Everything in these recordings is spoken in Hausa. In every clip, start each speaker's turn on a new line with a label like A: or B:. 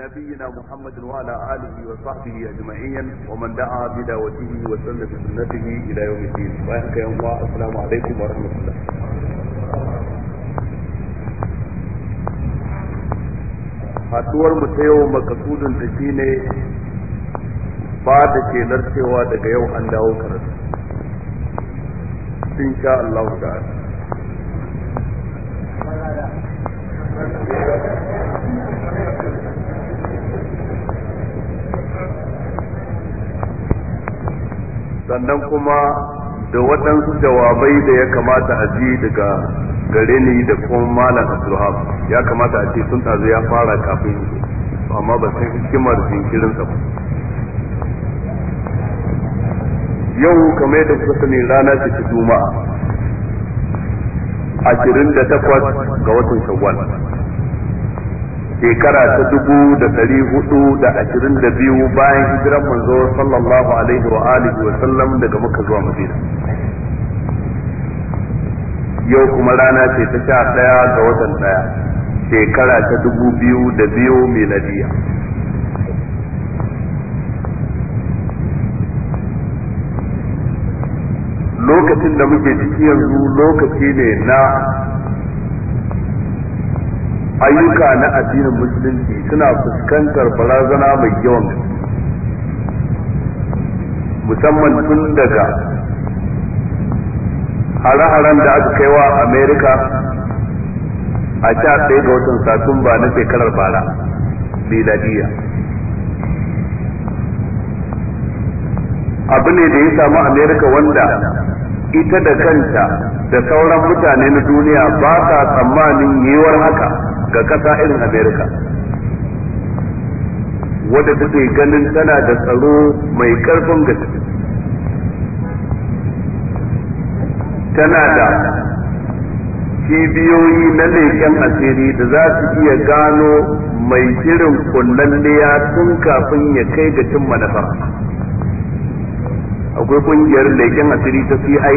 A: نبينا محمد وعلى آله وصحبه اجمعين ومن دعا بدعوته وسن سنته إلى يوم الدين ويحكى يوم الله السلام عليكم ورحمة الله haduwar mu ta yau makasudin da shi ne ba da ke narkewa daga yau an dawo karatu Sun sha Allah ta'ala sannan kuma da waɗansu jawabai da ya kamata a ji daga gare ni da kuma malam abdulhab ya kamata a ce sun tazo ya fara kafin su amma ba san hikimar sa ba yau kamar yadda kuka sani rana ce ta juma'a ashirin ga watan shawwal shekara ta dubu da ɗari hudu da ashirin da biyu bayan hijiran manzo sallallahu alaihi wa alihi wa sallam daga muka zuwa madina yau kuma rana ce ta sha ɗaya ga watan ɗaya shekara ta dubu biyu da biyu miladiya lokacin da muke ciki yanzu lokaci ne na ayyuka na addinin musulunci suna fuskantar barazana mai yawan musamman tun daga hare-haren da aka kaiwa amerika
B: a sha ɗaya ga watan satumba na shekarar
A: bara miladiya abu ne da ya samu amerika wanda ita da kanta da sauran mutane na duniya ba sa tsammanin yiwuwar haka ga kasa irin america wadda take ganin tana da tsaro mai karfin gaske tana da cibiyoyi na leken asiri da za su iya gano mai shirin kullalliya tun kafin ya kai ga cin manufa akwai kungiyar leken asiri ta cia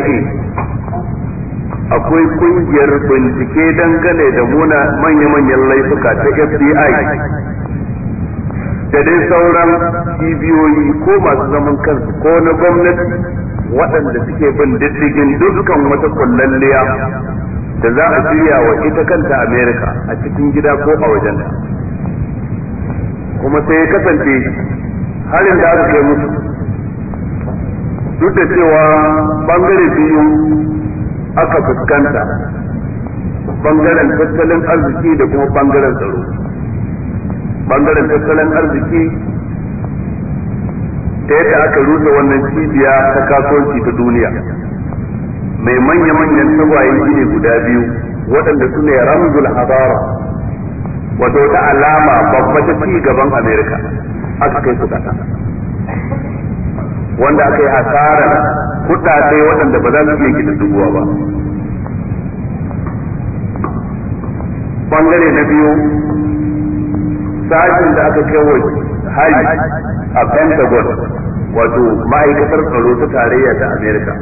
A: akwai kungiyar bincike dangane da muna manya-manyan laifuka ta FBI da dai sauran cibiyoyi ko masu zaman kansu ko na gwamnati waɗanda suke bin diddigin dukkan wata kullalliya da za a shirya wa ita kanta Amerika a cikin gida ko a wajen kuma sai kasance halin da aka kai musu duk da cewa bangare biyu aka fuskanta bangaren tattalin arziki da kuma bangaren tsaro bangaren tattalin arziki ta yadda aka rusa wannan cibiya ta kasuwanci ta duniya mai manya-manyan tagwayen gine guda biyu waɗanda su ne ramzul hazara wato ta alama babba ta ci gaban amerika aka kai su ƙasa wanda aka yi asarar kuɗaɗe waɗanda ba za su iya dubuwa ba bangare na biyu sashin da aka kai wa a pentagon wato ma'aikatar tsaro ta tarayya ta america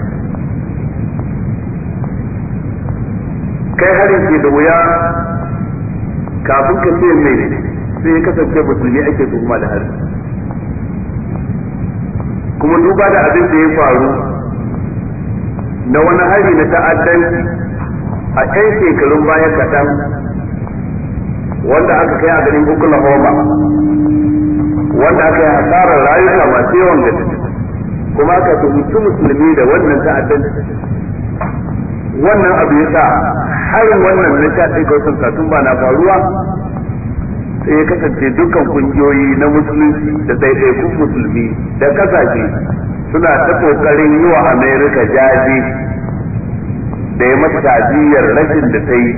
A: kai harin ke da wuya kafin ka ce mai sai ya kasance musulmi ake tuhuma da harin kuma duba da abin da ya faru na wani hari na ta'addanci a ɗan shekarun baya kaɗan wanda aka kai a garin Oklahoma wanda aka yi hasarar rayuka masu yawan gaske kuma aka tuhumci musulmi da wannan ta'addanci wannan abu ya sa harin wannan na sha ɗaya ga watan satumba na faruwa sai ya kasance dukkan kungiyoyi na musulunci da ɗaiɗaikun musulmi da kasashe suna ta kokarin yi wa amerika jaji da ya mata tajiyar rashin da ta yi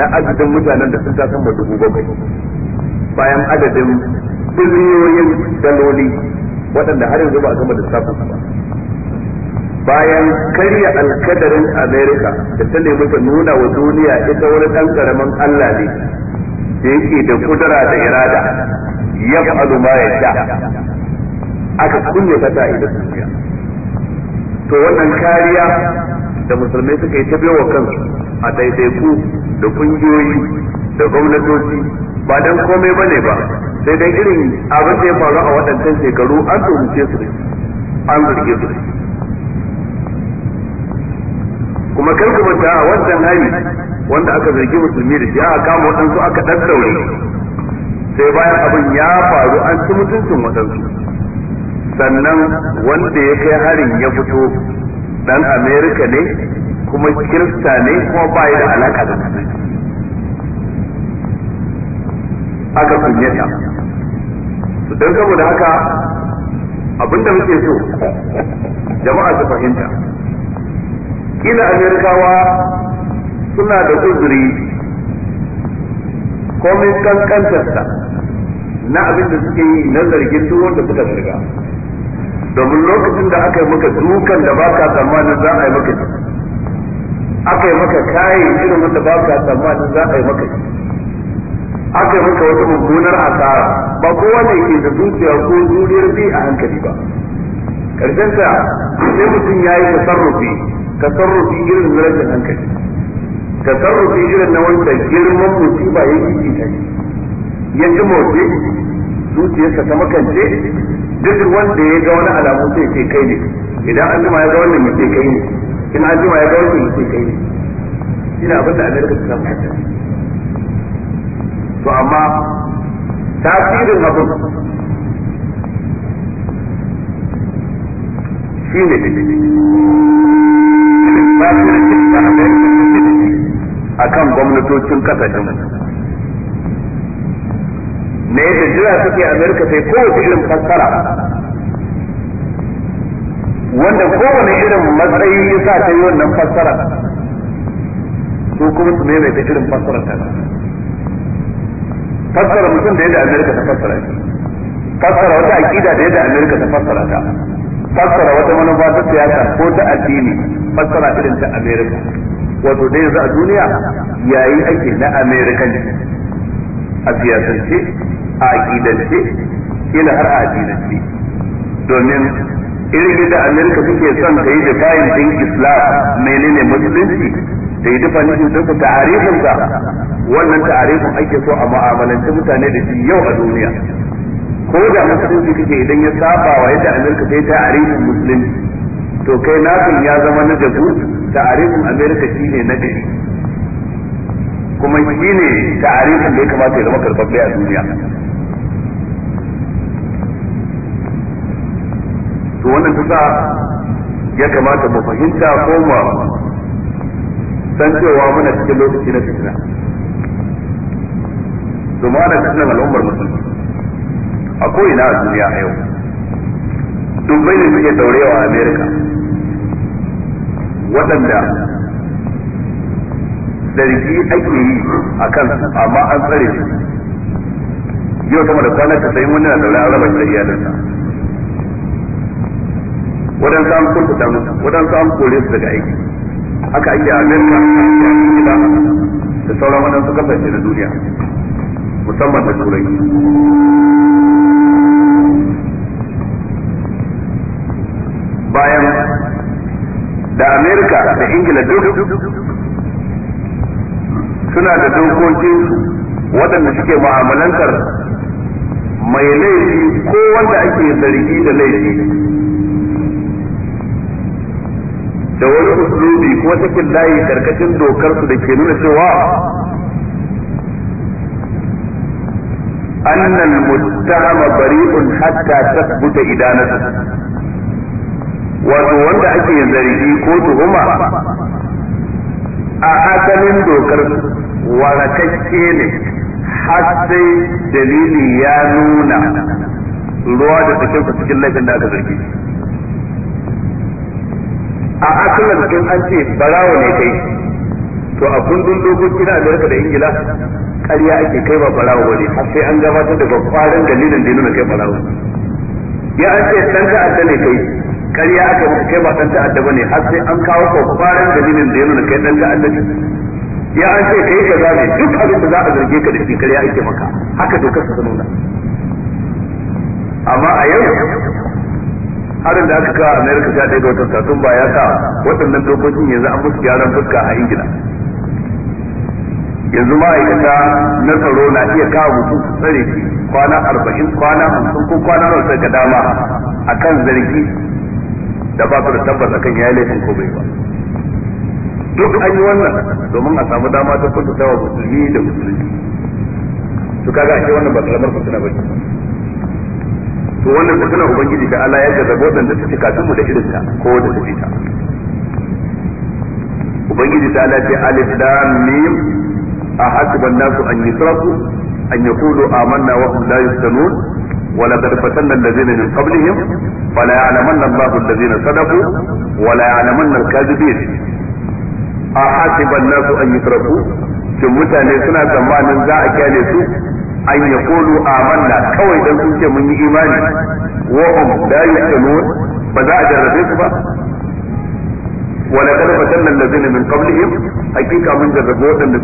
A: na adadin mutanen da sun ta sama dubu bakwai bayan adadin biliyoyin daloli waɗanda har yanzu ba a gama lissafin ba bayan karya alkadarin amerika da ta nemi ta nuna wa duniya ita wani ɗan ƙaramin allah ne da yake da kudura da irada ya fa'alu ma sha aka kulle ta da duniya to wannan kariya da musulmai suka yi ta wa kansu a daidaiku da kungiyoyi da gwamnatoci ba dan komai bane ba sai dan irin abin da ya faru a waɗancan shekaru an tuhumce su an zarge su
C: kuma kar ku manta a wannan hali
A: wanda aka zargi musulmi da shi aka kama waɗansu aka ɗaɗɗaure sai bayan abin ya faru an ci mutuncin waɗansu sannan wanda ya kai harin ya fito ɗan amerika ne kuma kirista ne kuma ba da alaƙa da aka kunyata don saboda haka abinda muke so jama'a su fahimta ina amerikawa suna da uzuri komin kankantarsa na abin da suke yi na zargin duk wanda suka shiga. domin lokacin da aka yi maka dukan da baka tsammanin za a yi maka shi aka yi maka kayi irin wanda baka tsammanin za a yi maka shi aka yi maka wata mummunar asara ba kowa ne ke da zuciya ko zuriyar bi a hankali ba karshen ta sai mutum ya yi tasarrufi tasarrufi irin rashin hankali tasarrufi irin na wanda girman musiba ya yi ta ya ji motsi zuciyarsa ta makance duk wanda ya ga wani alamu sai ce kai ne idan an jima ya ga wannan ya ce kai ne in an jima ya ga wannan ya ce kai ne ina abin da amerika ta samu hajjar to amma
B: tasirin abin shi ne da ba su da cikin
A: akan gwamnatocin kasashen me yadda jira suke amerika sai kowace irin fassara wanda kowane irin matsayi ya sa ta yi wannan fassara su kuma su mai da irin fassara ta fassara mutum da yadda amerika ta fassara shi fassara wata aƙida da yadda amerika ta fassara ta fassara wata manufa ta siyasa ko ta addini fassara irin ta amerika wato da yanzu a duniya yayi ake na american a siyasance a aƙidance ila har a aƙidance domin irin da america suke son ta yi kayan din islam menene musulunci da yi difayin sun ku tarihinsa wannan tarihin ake so a mu'amalanci mutane da shi yau a duniya ko da musulunci kake idan ya saba wa yadda america ta yi tarihin musulunci to kai nasin ya zama na jabu amerika america ne na gari kuma shi shine ta'arifin da ya kamata ya zama karɓaɓɓe a duniya to wannan ta sa ya kamata mu fahimta ko mu san cewa muna cikin lokaci na fitina domin ana cikin al'ummar musulmi a ko'ina a duniya a yau dubbai ne suke daurewa a america waɗanda zargi ake yi a kan amma an tsare su yau kuma da kwana tafai wani na tsara an raba iya da iyalinsa waɗansu an kurkuta musu waɗansu an kore su daga aiki haka ake a amerika gida da sauran su kafa na duniya musamman da turai bayan da amerika da ingila duk suna da dokokin waɗanda suke mu'amalantar mai laifi ko wanda ake zargi da laifi da wani usulubi ko cikin layi karkashin su da ke nuna cewa annal muttahama bari'un hatta tasbuta idanatu wato wanda ake zargi ko tuhuma a asalin dokar warakakke ne har sai dalili ya nuna ruwa da tsakinsa cikin laifin da aka zargi a asalin cikin an ce barawo ne kai to a kundin dokoki na amurka da ingila ƙarya ake kai ba barawo ne har sai an gabatar da babbarin dalilin da nuna kai barawo ya ake ce ɗan ne kai kariya aka maka kai ba dan ta'adda bane har sai an kawo kokarin dalilin da ya nuna kai dan ta'adda ya an ce kai kaza ne duk abin da za a zarge ka da shi kariya ake maka haka dokar ta nuna amma a yau harin da aka kawo america ta ɗaya ga watan satumba ya sa waɗannan dokokin yanzu an musu gyaran fuska a ingila yanzu ma'aikata na tsaro na iya kawo mutum tsare kwana arba'in kwana hamsin ko kwana nawa ga ka dama akan zargi da ba su da tabbas akan yayi laifin ko bai ba duk an yi wannan domin a samu dama ta kuntuta wa musulmi da musulmi to kaga ake wannan ba kalmar fitina ba ce to wannan fitina ubangiji da Allah ya gaza godan da take kafin mu da irin ta ko da take ta ubangiji ta Allah ce alif lam mim ahasiban nasu an yusrafu an yaqulu amanna wa hum la yuftanun ولقد فتنا الذين من قبلهم فلا يعلمن الله الذين صدقوا ولا يعلمن الكاذبين أحسب الناس أن يتركوا ثم تنسنا suna زاء كالسو أن يقولوا آمنا كوي تنسوك من إيمان وهم لا sun ce mun yi ولقد فتنا الذين من قبلهم حقيقة من جربوا أن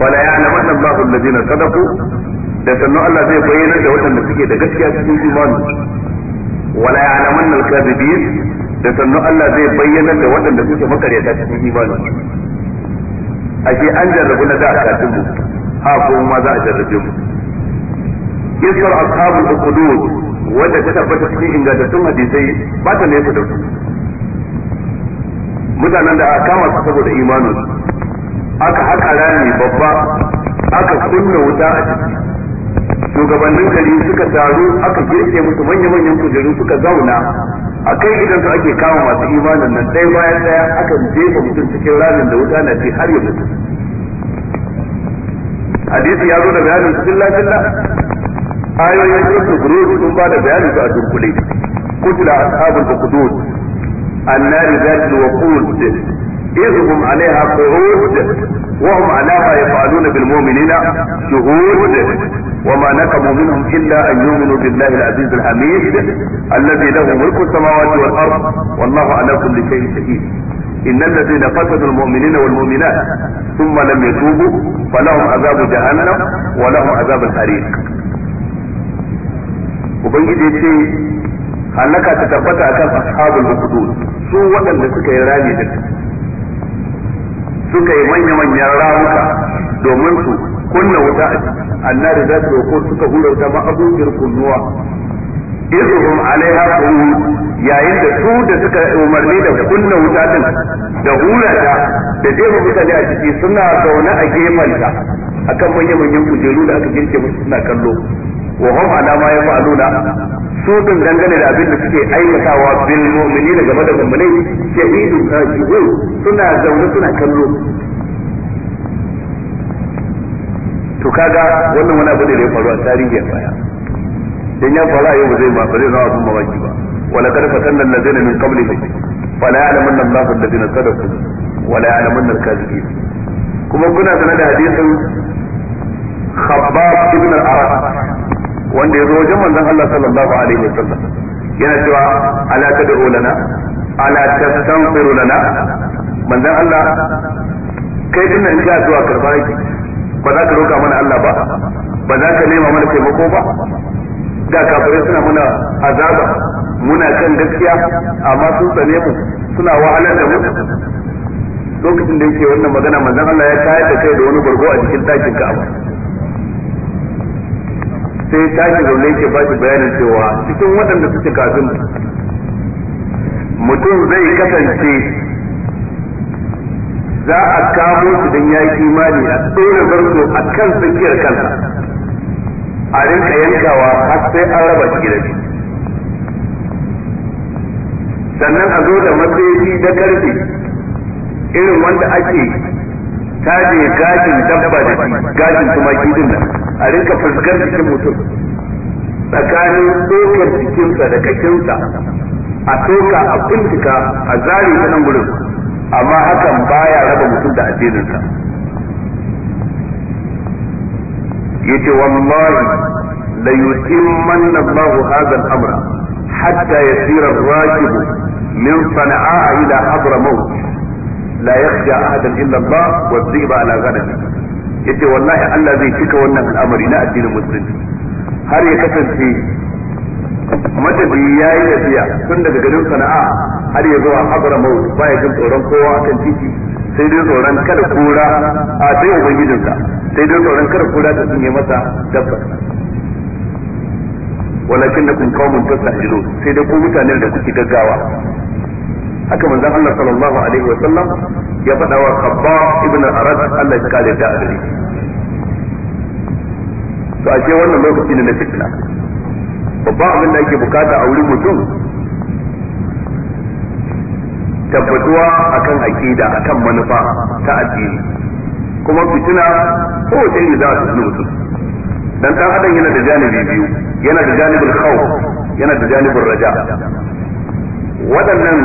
A: فلا يعلمن الله الذين صدقوا da sannan Allah zai bayyana da waɗanda suke da gaskiya cikin imani wala ya'lamun al-kadhibin da sannan Allah zai bayyana da waɗanda suke makaryata cikin imani ashe an jarrabu na da akatun mu ha ko ma za a jarrabe mu ashabu al-qudud wanda ta tabbata cikin ingantattun hadisai ba ta nesa da su mutanen da aka kama su saboda imanin aka haka rami babba aka kunna wuta a ciki shugabannin gari suka taru aka girke musu manya-manyan kujeru suka zauna a kai gidan su ake kama masu imanin nan ɗaya bayan ɗaya aka jefa mutum cikin ramin da wuta na ce har yanzu. mutu hadisi ya zo da bayanin cikin lafiya ayoyin cikin gurur sun ba da bayanin su a dunkule kutula ashabul ukhdud annari zatul waqud idhum alaiha qu'ud وهم على ما يفعلون بالمؤمنين شهود وما نقموا منهم الا ان يؤمنوا بالله العزيز الحميد الذي له ملك السماوات والارض والله على كل شيء شهيد ان الذين فسدوا المؤمنين والمؤمنات ثم لم يتوبوا فلهم عذاب جهنم ولهم عذاب الحريق ubangiji ce halaka ta tabbata akan ashabul hudud su waɗanda suka yi rami suka yi manya-manyan ramuka domin su kunna wuta a ciki annar da su ko suka hura wuta ma abokiyar kunnuwa izuhum alaiha qud yayin da su da suka umarni da kunna wuta din da hura ta da jefa mutane a ciki suna zaune a gemanta akan manya-manyan kujeru da aka girke musu suna kallo wa hum ala ma yaf'aluna su din dangane da abin da suke aikatawa bil mu'minina game da mu'minai shahidu sajidun suna zaune suna kallo to kaga wannan wani abu ne da ya faru a tarihi a baya dan ya faru a yau ba zai ma ba zai zama abin mawaki ba wala kad fatanna allazina min qablihim fala ya'lamanna allahu allazina sadaqu wala ya'lamanna al-kadhibin kuma kuna sanar da hadisin khabbab ibn al-arab wanda ya zo wajen manzon Allah sallallahu alaihi wasallam yana cewa ala tad'u lana ala tastanfiru lana manzon Allah kai din nan ka zuwa karba yake ba za ka roka mana Allah ba ba za ka nema mana taimako ba da kafirai suna muna azaba muna kan gaskiya
B: amma sun tsane
A: mu suna wahalar da mu lokacin da yake wannan magana manzon Allah ya tayar da kai da wani bargo a cikin dakin Ka'aba sai ta tashi zaune yake ba shi bayanin cewa cikin waɗanda suke kafin mutum zai kasance za a kamo su don ya yi imani a tsere zarto a kan tsakiyar kansa a rinka yankawa har sai an raba shi da sannan a zo da matsayi da karfe irin wanda ake taje gashin dabba da gashin tumaki din nan a rinka fuskar jikin mutum tsakanin tsokar jikinsa da kakinsa a toka a bincika a zari ta nan gurin amma hakan baya raba mutum da addininsa yace wallahi la yutimmanna Allahu hadha al-amra hatta yasira ar-rakibu min sana'a ila hadramaut la yakhsha ahadan illa Allah wa dhiba ala ghanamin yace wallahi Allah zai cika wannan al'amari na addinin musulunci har ya kasance matafiyi ya yi tafiya tun daga garin sana'a har ya zuwa ba ya jin tsoron kowa kan titi sai dai tsoron kada kura a sai ubangijinsa sai dai tsoron kada kura ta yi masa dabba walakin da kun kawo mun tasa sai dai ku mutanen da kuke gaggawa haka manzon Allah sallallahu alaihi wa sallam ya faɗa wa Khabbab ibn Arad Allah ya kare da adali to ashe wannan lokaci ne na fitna babban abin da ake bukata a wurin mutum tabbatuwa akan aqida akan manufa ta addini kuma fitina ko wace ne za ta mutum dan dan adam yana da janibi biyu yana da janibul khawf yana da janibul raja waɗannan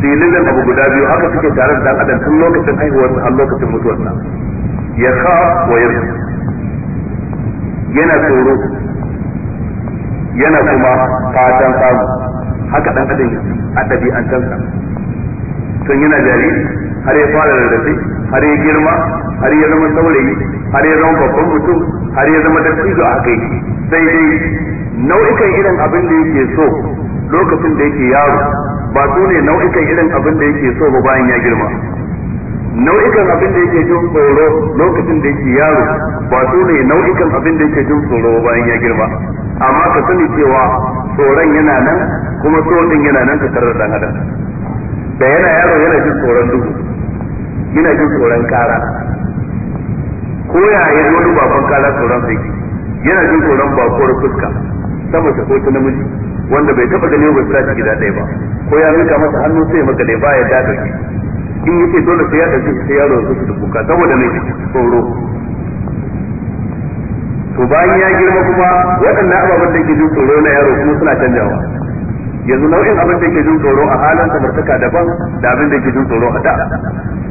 A: tililin abu guda biyu haka suke tare da dan adam tun lokacin haihuwarsa har lokacin sa ya kha wa ya yana tsoro yana kuma fatan samu haka dan adam a ɗabi'antarsa tun yana jariri har ya fara da dace har ya girma har ya zama saurayi har ya zama babban mutum har ya zama dattijo a kai sai dai nau'ikan irin abin da yake so lokacin da yake yaro ba su ne nau'ikan irin abin da yake so ba bayan ya girma nau'ikan abin da yake jin tsoro lokacin da yake yaro ba su ne nau'ikan abin da yake jin tsoro bayan ya girma amma ka sani cewa tsoron yana nan kuma tsoron yana nan ka tarar dan adam da yana yaro yana jin tsoron duhu yana jin tsoron kara ko ya yi wani babban kara tsoron sai yana jin tsoron bakuwar fuska sama ta ko ta namiji wanda bai taba gani ba sai gida ɗaya ba ko ya mika masa hannu sai maka ne baya da kake in yake dole sai ya dace sai yaro ya su kuka saboda mai tsoro to bayan ya girma kuma waɗannan ababen da ke jin tsoro na yaro kuma suna canjawa yanzu nau'in abin da ke jin tsoro a halin samartaka daban da abin da ke jin tsoro a da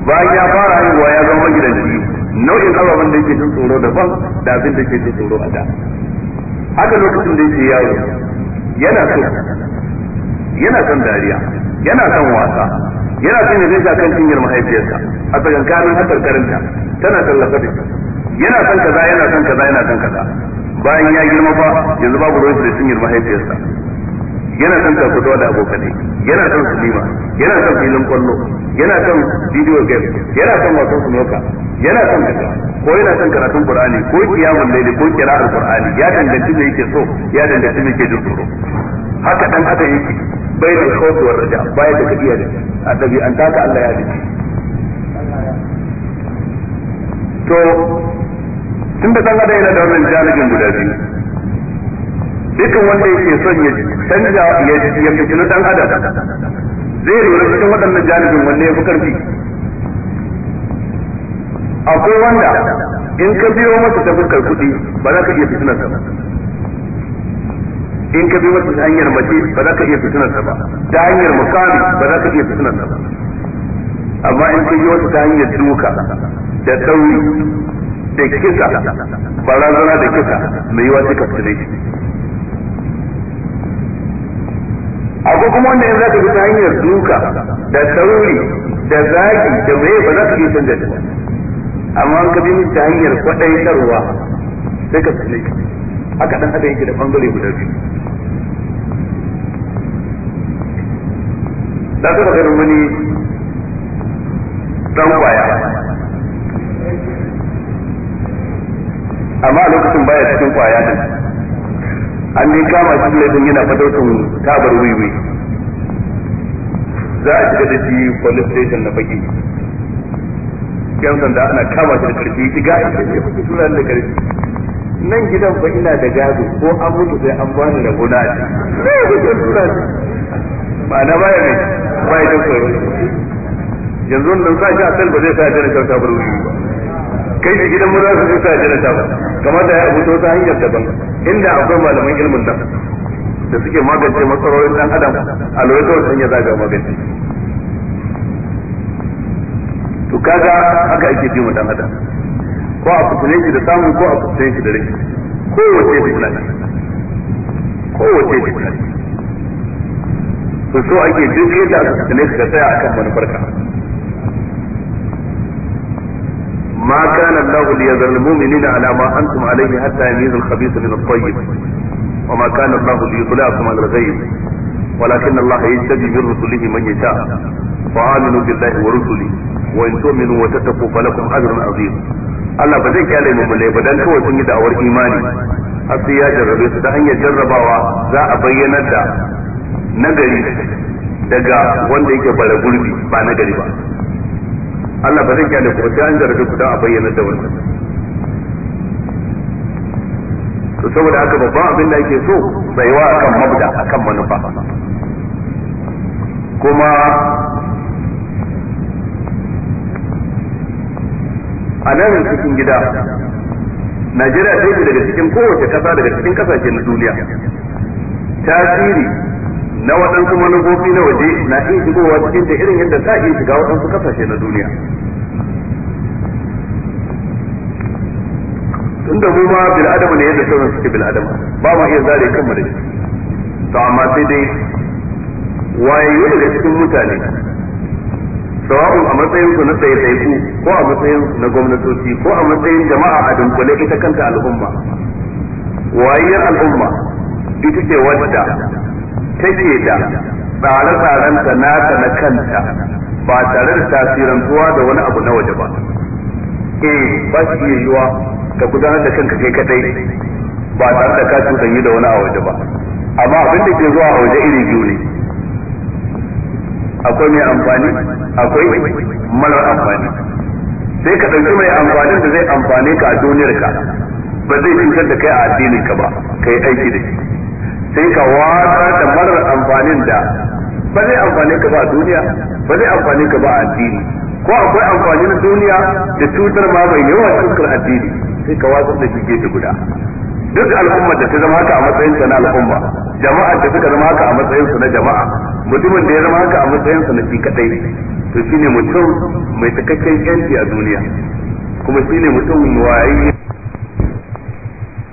A: bayan ya fara haihuwa ya zama magidanci nau'in ababen da ke jin tsoro daban da abin da ke jin tsoro a da haka lokacin da yake yaro yana so yana son dariya yana son wasa yana son ya kan cinyar mahaifiyarsa a tsakankanin hatar karinta tana tallafa da yana son kaza yana son kaza yana son kaza bayan ya girma ba yanzu babu ruwan da cinyar mahaifiyarsa yana son takutuwa da abokanai yana son sinima yana son filin kwallo yana son bidiyo game yana son wasan sunoka yana son kaza ko yana son karatun qur'ani ko kiyamun laili ko qira'ar qur'ani ya danganci me yake so ya danganci me yake jin tsoro haka dan haka yake bai da khawfi wa raja bai da kadiya da a an taka Allah ya dace to tun da dan da yana da wannan janibin guda
B: biyu
A: dukkan wanda yake son ya canja ya ya dan adam zai rura cikin waɗannan janibin wanne ya fi karfi akwai wanda in ka biyo masa ta fuskar kuɗi ba za ka iya fitinar ba in ka biyo masa ta hanyar mace ba za ka iya fitinar ba ta hanyar mukami ba za ka iya fitinar ba amma in ka biyo masa ta hanyar duka da tsauri da kisa barazana da kisa mai yiwa wasu ka fitine shi akwai kuma wanda in za ka bi ta hanyar duka da tsauri da zagi da mai ba za ka iya canza ba amma ka bi ta hanyar kwadaitarwa sai ka tsalle haka dan adam yake da bangare guda biyu da ka ga wani dan kwaya amma a lokacin baya cikin kwaya din an ne kama shi laifin yana fadaukan tabar wiwi za a shiga da shi police station na baki yan sanda ana kama shi da karfi ki ga ita ce kuke tura da karfi nan gidan ba ina da gado ko an mutu sai an bani da gona ne sai kuke tura ba na baya ne baya da koyo yanzu nan sa shi a sel ba zai sa jira kyauta ba ruhi ba kai shi gidan mu za su sa jira ta kamar da ya fito ta hanyar daban inda akwai malaman ilmin da da suke magance matsalolin dan adam a lokacin ya zaga magance kaga haka ake ji mu dan hada ko a fitile shi da samu ko a fitile shi da rashi kowace fitina ne kowace fitina ne to so ake duk yadda aka fitile shi da tsaya akan manufar ka ma kana Allahu mu'minina ala ma antum alayhi hatta المؤمنين al ما min عليه tayyib wa ma kana Allahu li كان الله al-ghayb walakin ولكن الله يجتبي rusulihi man yasha يشاء billahi wa rusulihi wa in tu'minu wa tattaqu falakum ajrun azim Allah ba zai kyale mu mulai ba dan kawai sun yi da'awar imani har sai ya jarrabe su ta hanyar jarrabawa za a bayyana da nagari daga wanda yake bara gurbi ba nagari ba Allah ba zai kyale ku sai an jarrabe ku dan a bayyana da wannan to saboda haka babban abin da yake so wa akan mabda akan manufa kuma a nan cikin gida Najeriya ta yi daga cikin kowace kasa daga cikin kasashe na duniya tasiri na waɗansu manufofi na waje na iya shigowa cikin da irin yadda ta iya shiga waɗansu kasashe na duniya tunda mu ma bil adama ne yadda sauran suke bil adama ba ma iya zare kanmu da shi to amma sai dai waye daga cikin mutane sawa'un a matsayin su na tsaye-tsaye ko a matsayin na gwamnatoci ko a matsayin jama'a a dunkule ita kanta al'umma wayar al'umma ita ce wadda take da tsare-tsaren ta nata na kanta ba tare da tasirantuwa da wani abu na waje ba eh ba shi zuwa ka gudanar da kanka kai kadai ba tare da ka cutanyi da wani a waje ba amma abin da ke zuwa a waje iri biyu ne akwai mai amfani akwai marar amfani sai ka ɗauki mai amfanin da zai amfani ka a duniyar ka ba zai cutar da kai a addinin ka ba kai aiki da shi sai ka wata da marar amfanin da ba zai amfani ka ba a duniya ba zai amfani ka ba a addini ko akwai amfani na duniya da cutar ma mai yawa cutar addini sai ka wata da shi gefe guda duk al'ummar da ta zama haka a matsayin sa na al'umma jama'a da suka zama haka a matsayin sa na jama'a mutumin da ya zama haka a matsayin sa na shi kadai to shine mutum mai takakken yanci a duniya kuma shine mutum wayi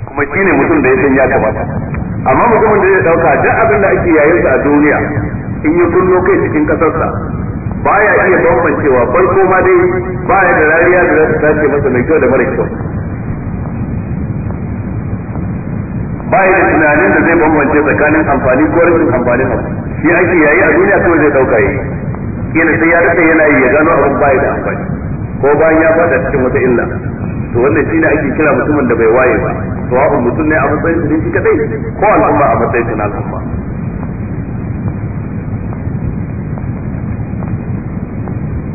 A: kuma shine mutum da ya san ya kamata amma mutumin da ya dauka duk abin da ake yayin sa a duniya in yi kullo kai cikin kasarsa baya iya bambancewa farko ma dai baya da rariya da za ta sace masa mai kyau da mara kyau bai da tunanin da zai bambance tsakanin amfani ko rashin amfani abu shi ake yayi a duniya kuma zai dauka yi kila sai ya rike yana yi ya gano abin bai da amfani ko bayan ya fada cikin wata illa to wannan shi ne ake kira mutumin da bai waye ba to abu mutum ne a matsayin su shi kadai ko al'umma a matsayin su na al'umma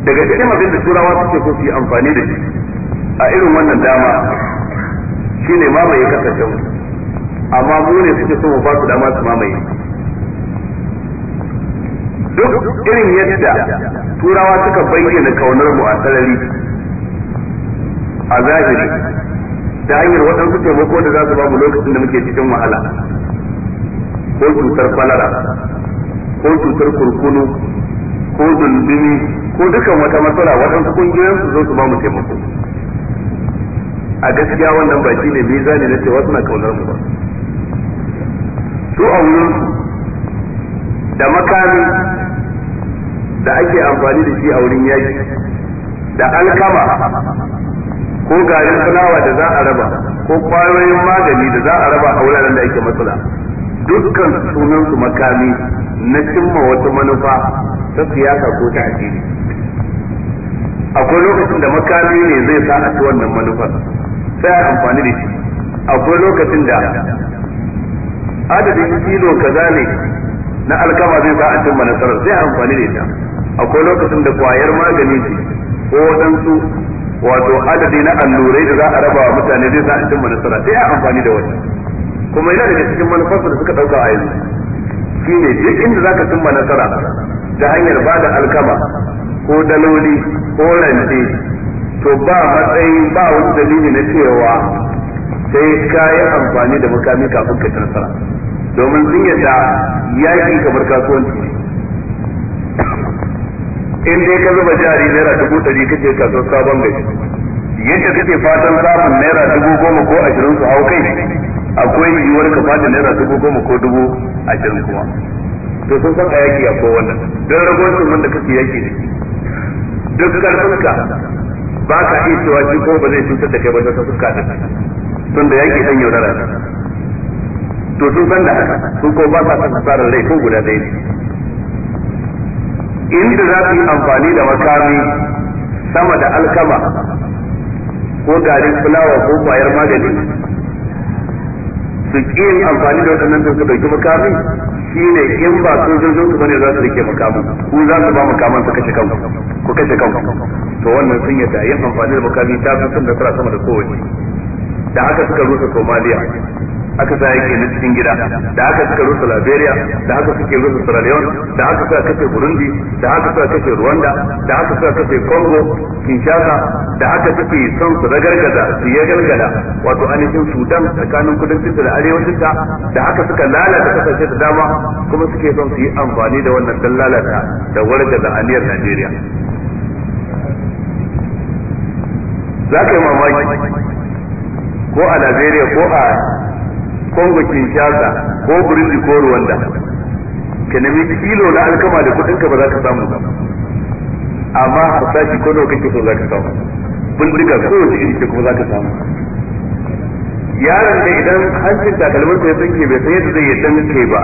A: daga cikin abin da turawa suke so su yi amfani da shi a irin wannan dama shine ma bai kasance amma mu ne suke so mu ba su dama su mamaye duk irin yadda turawa suka bayyana kaunar mu a sarari a zahiri ta hanyar waɗansu taimako da za su ba mu lokacin da muke cikin wahala ko cutar falara, ko cutar kurkunu ko dundumi ko dukan wata matsala waɗansu ƙungiyoyin su zo su ba mu taimako a gaskiya wannan baki ne mizani na cewa suna kaunar mu ba su a da makami da ake amfani da shi a wurin yaki da alkama ko garin fulawa da za a raba ko kwayoyin magani da za a raba a wuraren da ake matsala dukkan sunan su makami na cimma wata manufa ta siyasa ko ta addini akwai lokacin da makami ne zai sa a ci wannan manufar sai a amfani da shi akwai lokacin da adadin kilo kaza ne na alkama zai sa a cimma nasarar sai amfani da ita akwai lokacin da kwayar magani ce ko waɗansu wato adadi na allurai da za a raba wa mutane zai sa a cimma nasara sai a amfani da wannan kuma yana daga cikin manufarsa da suka ɗauka a yanzu shi ne duk inda za ka cimma nasara ta hanyar ba da alkama ko daloli ko rance to ba matsayin ba wani dalili na cewa sai ka yi amfani da makami kafin ka nasara domin sun yadda yaƙi kamar kasuwanci in dai ka zuba jari naira dubu ɗari kake kasuwar sabon gari yadda kake fatan samun naira dubu goma ko ashirin su hau kai akwai yiwuwar ka fata naira dubu goma ko dubu ashirin
B: kuma to sun san
A: a yaƙi a kowanne don ragowar wanda kake yaƙi da duk ka ba ka iya cewa shi ko ba zai cutar da kai ba ta fuska ɗin tun da yaƙi ɗan yaudara to sun san da haka sun ko ba sa san hasarar rai ko guda ɗaya inda za su yi amfani da makami sama da alkama ko garin fulawa ko kwayar magani su ƙi yin amfani da waɗannan da su ɗauki makami shi ne in ba sojojin su bane za su rike makami ku za su ba makaman su kashe kanku ku kashe kanku to wannan sun yadda yin amfani da makami ta fi sun da sama da kowace da haka suka rusa somaliya aka sa yake na cikin gida da haka suka rusa Liberia da haka suke rusa Sierra Leone da haka suka kace Burundi da haka suka kace Rwanda da haka suka kace Congo Kinshasa da haka suke son su ragargaza su ya galgada wato ainihin Sudan tsakanin kudancin da arewacin ta da haka suka lalata kasashe da dama kuma suke son su yi amfani da wannan dan lalata da wargaza Aliyar Najeriya za ka yi mamaki ko a Liberia ko a Kongo Kinshasa ko Burundi ko Rwanda ka nemi kilo na alkama da kudin ka ba za ka samu ba amma sashi ko nawa kake so za ka samu bindiga ko wace iri ce kuma za ka samu yaron da idan hancin takalmin ya tsinke bai san yadda zai yi dan ke ba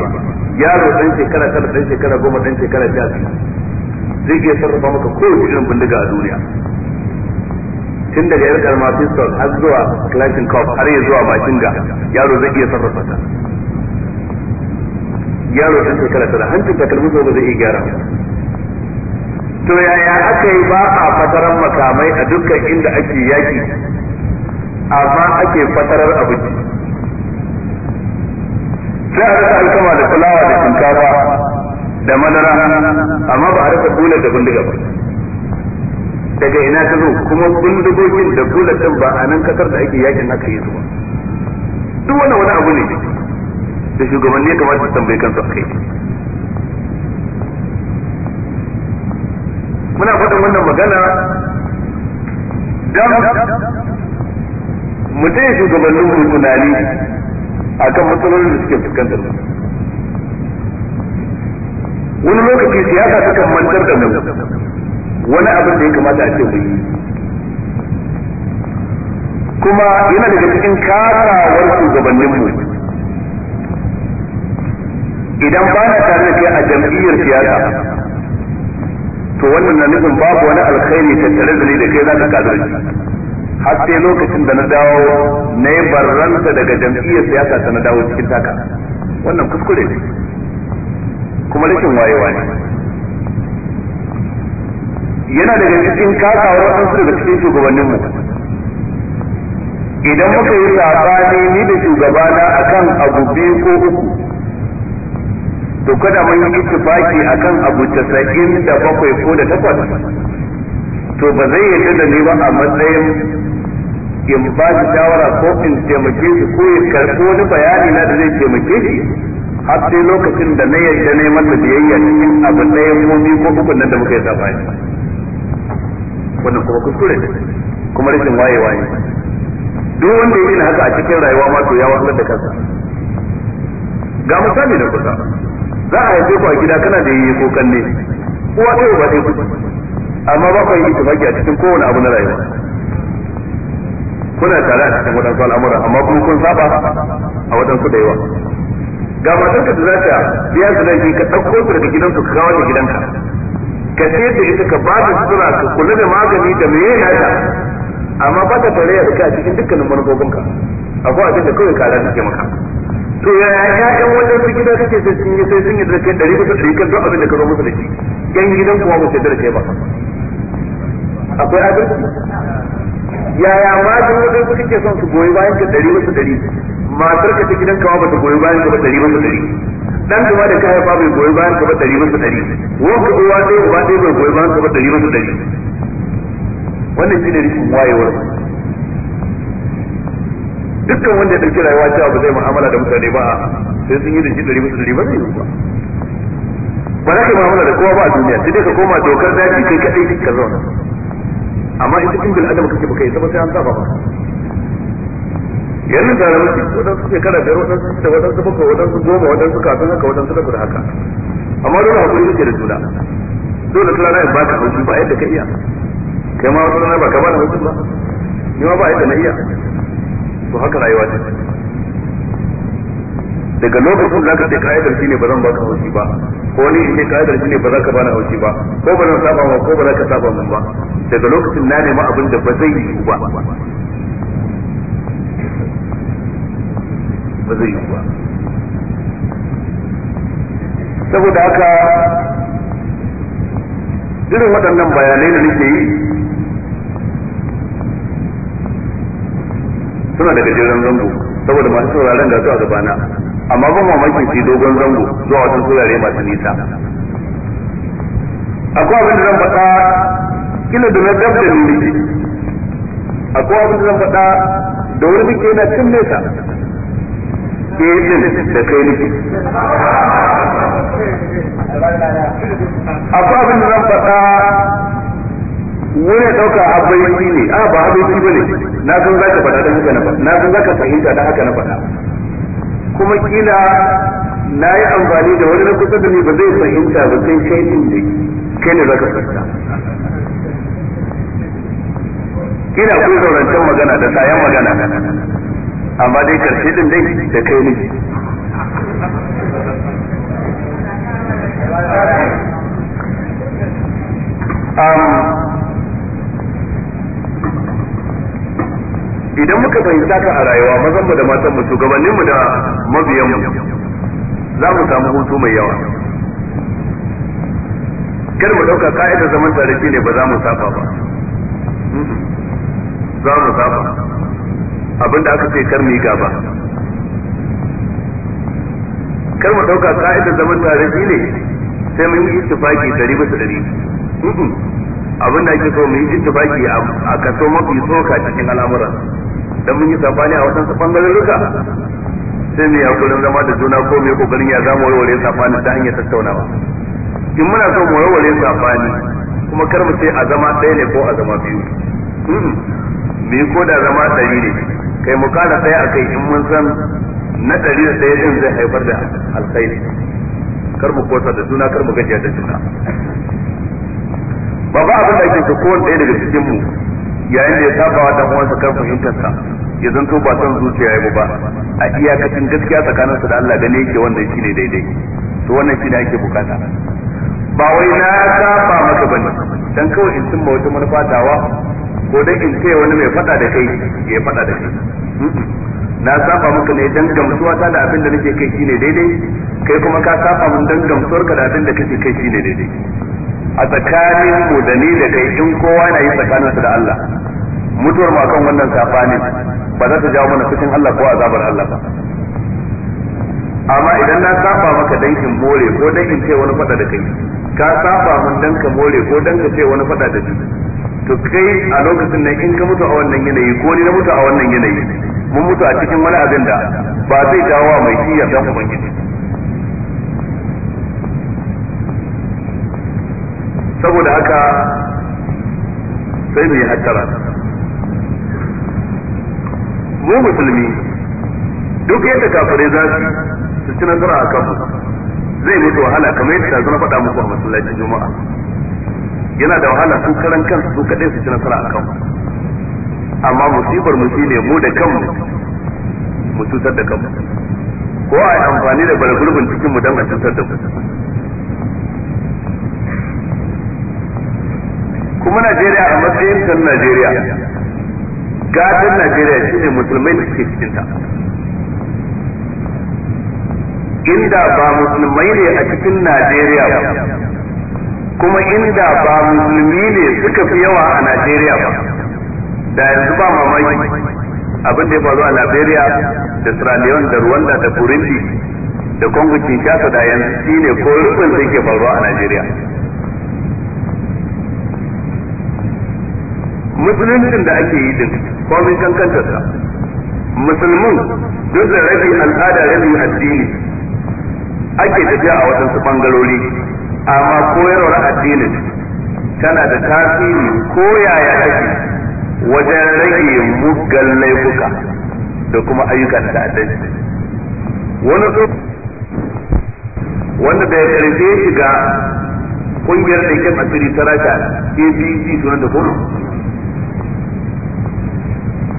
A: yaro dan shekara tara dan shekara goma dan shekara sha zai iya sarrafa maka kowace irin bindiga a duniya tun daga yar karma pistol har zuwa clanking cup har ya zuwa mashin yaro zai iya sarrafa ta yaro ta shekara tara hancin takalmi ba zai iya gyara to yaya aka yi ba a fataran makamai a dukkan inda ake yaki amma ake fatarar abinci sai a rasa alkama da fulawa da shinkafa da madara amma ba a rasa bulan da bindiga ba daga ina ta zo kuma bindigogin da bullet din ba a nan kasar da ake yakin aka yi su ba duk wani wani abu ne da shugabanni kamar su tambayi kansu kai muna faɗin wannan magana don mu ya shugabannin mu tunani akan matsalolin da suke fuskantar wani lokaci siyasa ta kan mantar da mu wani abin da ya kamata a ce ku yi kuma yana daga cikin kasawar shugabanninmu idan ba na tare da a jam'iyyar siyasa to wannan na nufin babu wani alkhairi tattare da ni da kai za ka kazarci har sai lokacin da na dawo na yi barranta daga jam'iyyar siyasa ta na dawo cikin taka wannan kuskure ne kuma rikin wayewa ne yana daga cikin kasawar waɗansu daga cikin shugabanninmu idan muka yi sabani ni da shugabana akan abu biyu ko uku to kada mun yi a akan abu tasa'in da bakwai ko da takwas to ba zai yarda da ni ba a matsayin in ba shi shawara ko in taimake shi ko ya karɓo wani bayani na da zai taimake shi har sai lokacin da na yarda ne masa biyayya cikin abu ɗaya ko biyu ko uku nan da muka yi sabani wannan kuma kuskure ne kuma rashin wayewa ne duk wanda yake haka a cikin rayuwa ma to ya wahalar da kansa ga misali da kusa za a haife ku a gida kana da yayi ko kanne
C: uwa ɗaya ba ɗaya kuɗi
A: amma ba ku yi itifaki a cikin kowane abu na rayuwa kuna tare a cikin waɗansu al'amura, amma kuma kun saba a waɗansu da yawa ga matarka da za ta biya su laifi ka ɗauko su daga gidansu ka kawo da gidanka ka ce da ita ka ba da sutura ka kula da magani da yana da amma ba ta tare da kai a cikin dukkanin manufofinka akwai abin da kawai kara take maka to ya ƴaƴan wannan su gida suke sai sun yi sai sun yi da kai ɗari bisa ɗari kan duk abin da ka zo musu da shi Yan gidan kuma ba su da kai ba akwai adalci yaya matan wajen su suke son su goyi bayan ka ɗari su ɗari matar ka ta gidan kawo ba ta goyi bayan ka ba ɗari bisa ɗari dan gaba da ka ba bai goyi bayan ka dari masa dari wanka uwa dai ba dai bai goyi bayan ka dari masa dari wannan shine rikin wayewar dukkan wanda ya dauki rayuwa cewa ba zai mu'amala da mutane ba sai sun yi da shi dari masa dari ba zai yi ba ba za ka mu'amala da kowa ba a duniya sai dai ka koma dokar daji kai kaɗai ka zauna amma ita cikin bil'adama kake baka yi ba sai an saba ba yanzu da ramuci waɗansu kada biyar wadansu da wadansu bakwai wadansu goma wadansu kafin haka da takwas haka amma dole hakuri kake da juna dole kula na ba ka haushi ba yadda ka iya kai ma wasu rana ba ka ba na hauki ba ni ma ba yadda na iya to haka rayuwa ce daga lokacin da ka ce ka'idar shi ne ba zan baka haushi ba ko ni in ce ka'idar shi ne ba za ka bani haushi ba ko ba zan saba ma ko ba za ka saba min ba daga lokacin na nema abin da ba zai yi ba ba zai yi ba saboda haka irin waɗannan bayanai da nake yi suna daga jiran zango saboda masu sauraron da zuwa gabana amma ban mamakin su dogon zango zuwa wasu saurare masu nisa akwai abin da zan faɗa kila da na dab da ni akwai abin da zan faɗa da wani muke na cin nesa
B: ke da kai nake akwai abin da zan faɗa wani ɗauka habaiki
A: ne a ba habaiki ba ne na san za ka faɗa da haka na faɗa na san za ka fahimta da haka na faɗa kuma kila na yi amfani da wani na kusa da ni ba zai fahimta ba sai kai din ne kai ne za ka fahimta kila ko zaurancen magana da sayan magana amma dai karshe din dai da kai ne idan muka fahimta ka a rayuwa mazan mu da matan mu shugabannin mu da mabiyan mu za mu samu hutu mai yawa kar mu dauka ka'idar zaman tare ne ba za mu saba ba hmm, za mu saba abinda aka ce kar mu yi gaba kar mu dauka ka'idar zaman tare shi ne sai mun yi ittifaki dari bisa dari abin da ake so mu yi ittifaki a kaso mafi soka cikin al'amuran dan mun yi sabani a wasan ruka sai mu yakurin zama da juna ko mu yi kokarin ya zamu warware sabani ta hanyar tattaunawa in muna so mu warware sabani kuma kar mu ce a zama ɗaya ne ko a zama biyu mu yi ko da zama ɗari ne kai mukala sai a kai, in mun san na ɗari da ɗaya din zai haifar da alkhairi kar mu kosa da juna kar mu gajiya da suna ba ba abin da ake ko wanda ɗaya daga cikin mu yayin da ya saba wa dan uwansa kan fahimtarsa ya zanto ba son zuciya ya ba a iyakacin gaskiya tsakaninsa da Allah gane yake wannan shine daidai to wannan shine ake bukata ba wai na saba maka bane dan kawai in cimma wata manufa dawa ko dan in ce wani mai fada da kai ya fada da kai na saba maka ne dan gamsuwa ta da abin da nake kai shine daidai kai kuma ka saba mun dan gamsuwar ka da abin da kake kai shine daidai a tsakanin mu da ni da kai in kowa na yi tsakaninsa da Allah mutuwar mu akan wannan safanin ba za ta jawo mana fushin Allah ko azabar Allah ba amma idan na saba maka dankin more ko dankin ce wani fada da kai ka saba mun dan ka more ko dan ka ce wani fada da kai. to kai a lokacin nan in ka mutu a wannan yanayi ko ni na mutu a wannan yanayi mun mutu a cikin wani abin da ba zai dawo mai shi yardan ubangiji saboda haka sai mu yi hattara mu musulmi duk yadda kafare za su su ci nasara a kanmu zai mutu wahala kamar yadda na faɗa muku a masallacin juma'a yana da wahala su karan kansu su kaɗai su ci nasara a kanmu amma musibar mu shi ne mu da kanmu mu cutar da kanmu ko a yi amfani da bargurbin cikin mu don a cutar da mu kuma Najeriya a matsayin kan Najeriya gadon Najeriya shi ne musulmai da suke cikin ta inda ba musulmai ne a cikin Najeriya ba kuma inda ba musulmi ne suka fi yawa a Najeriya ba da yanzu ba mamaki abin da ya faru a Najeriya da Sierra Leone da Rwanda da Burundi da Congo Kinshasa da yanzu shine ko rubin da yake faruwa a Najeriya musuluncin da ake yi din komai sa musulmin duk da rabi al'ada rabi addini ake tafiya a wasansu bangarori amma koyarwar addinin tana da tasiri ko yaya take wajen rage muggan laifuka da kuma ayyukan ta'addanci wani wanda da ya karfe shiga kungiyar ɗaiken asiri ta rasha abg sunan da kuma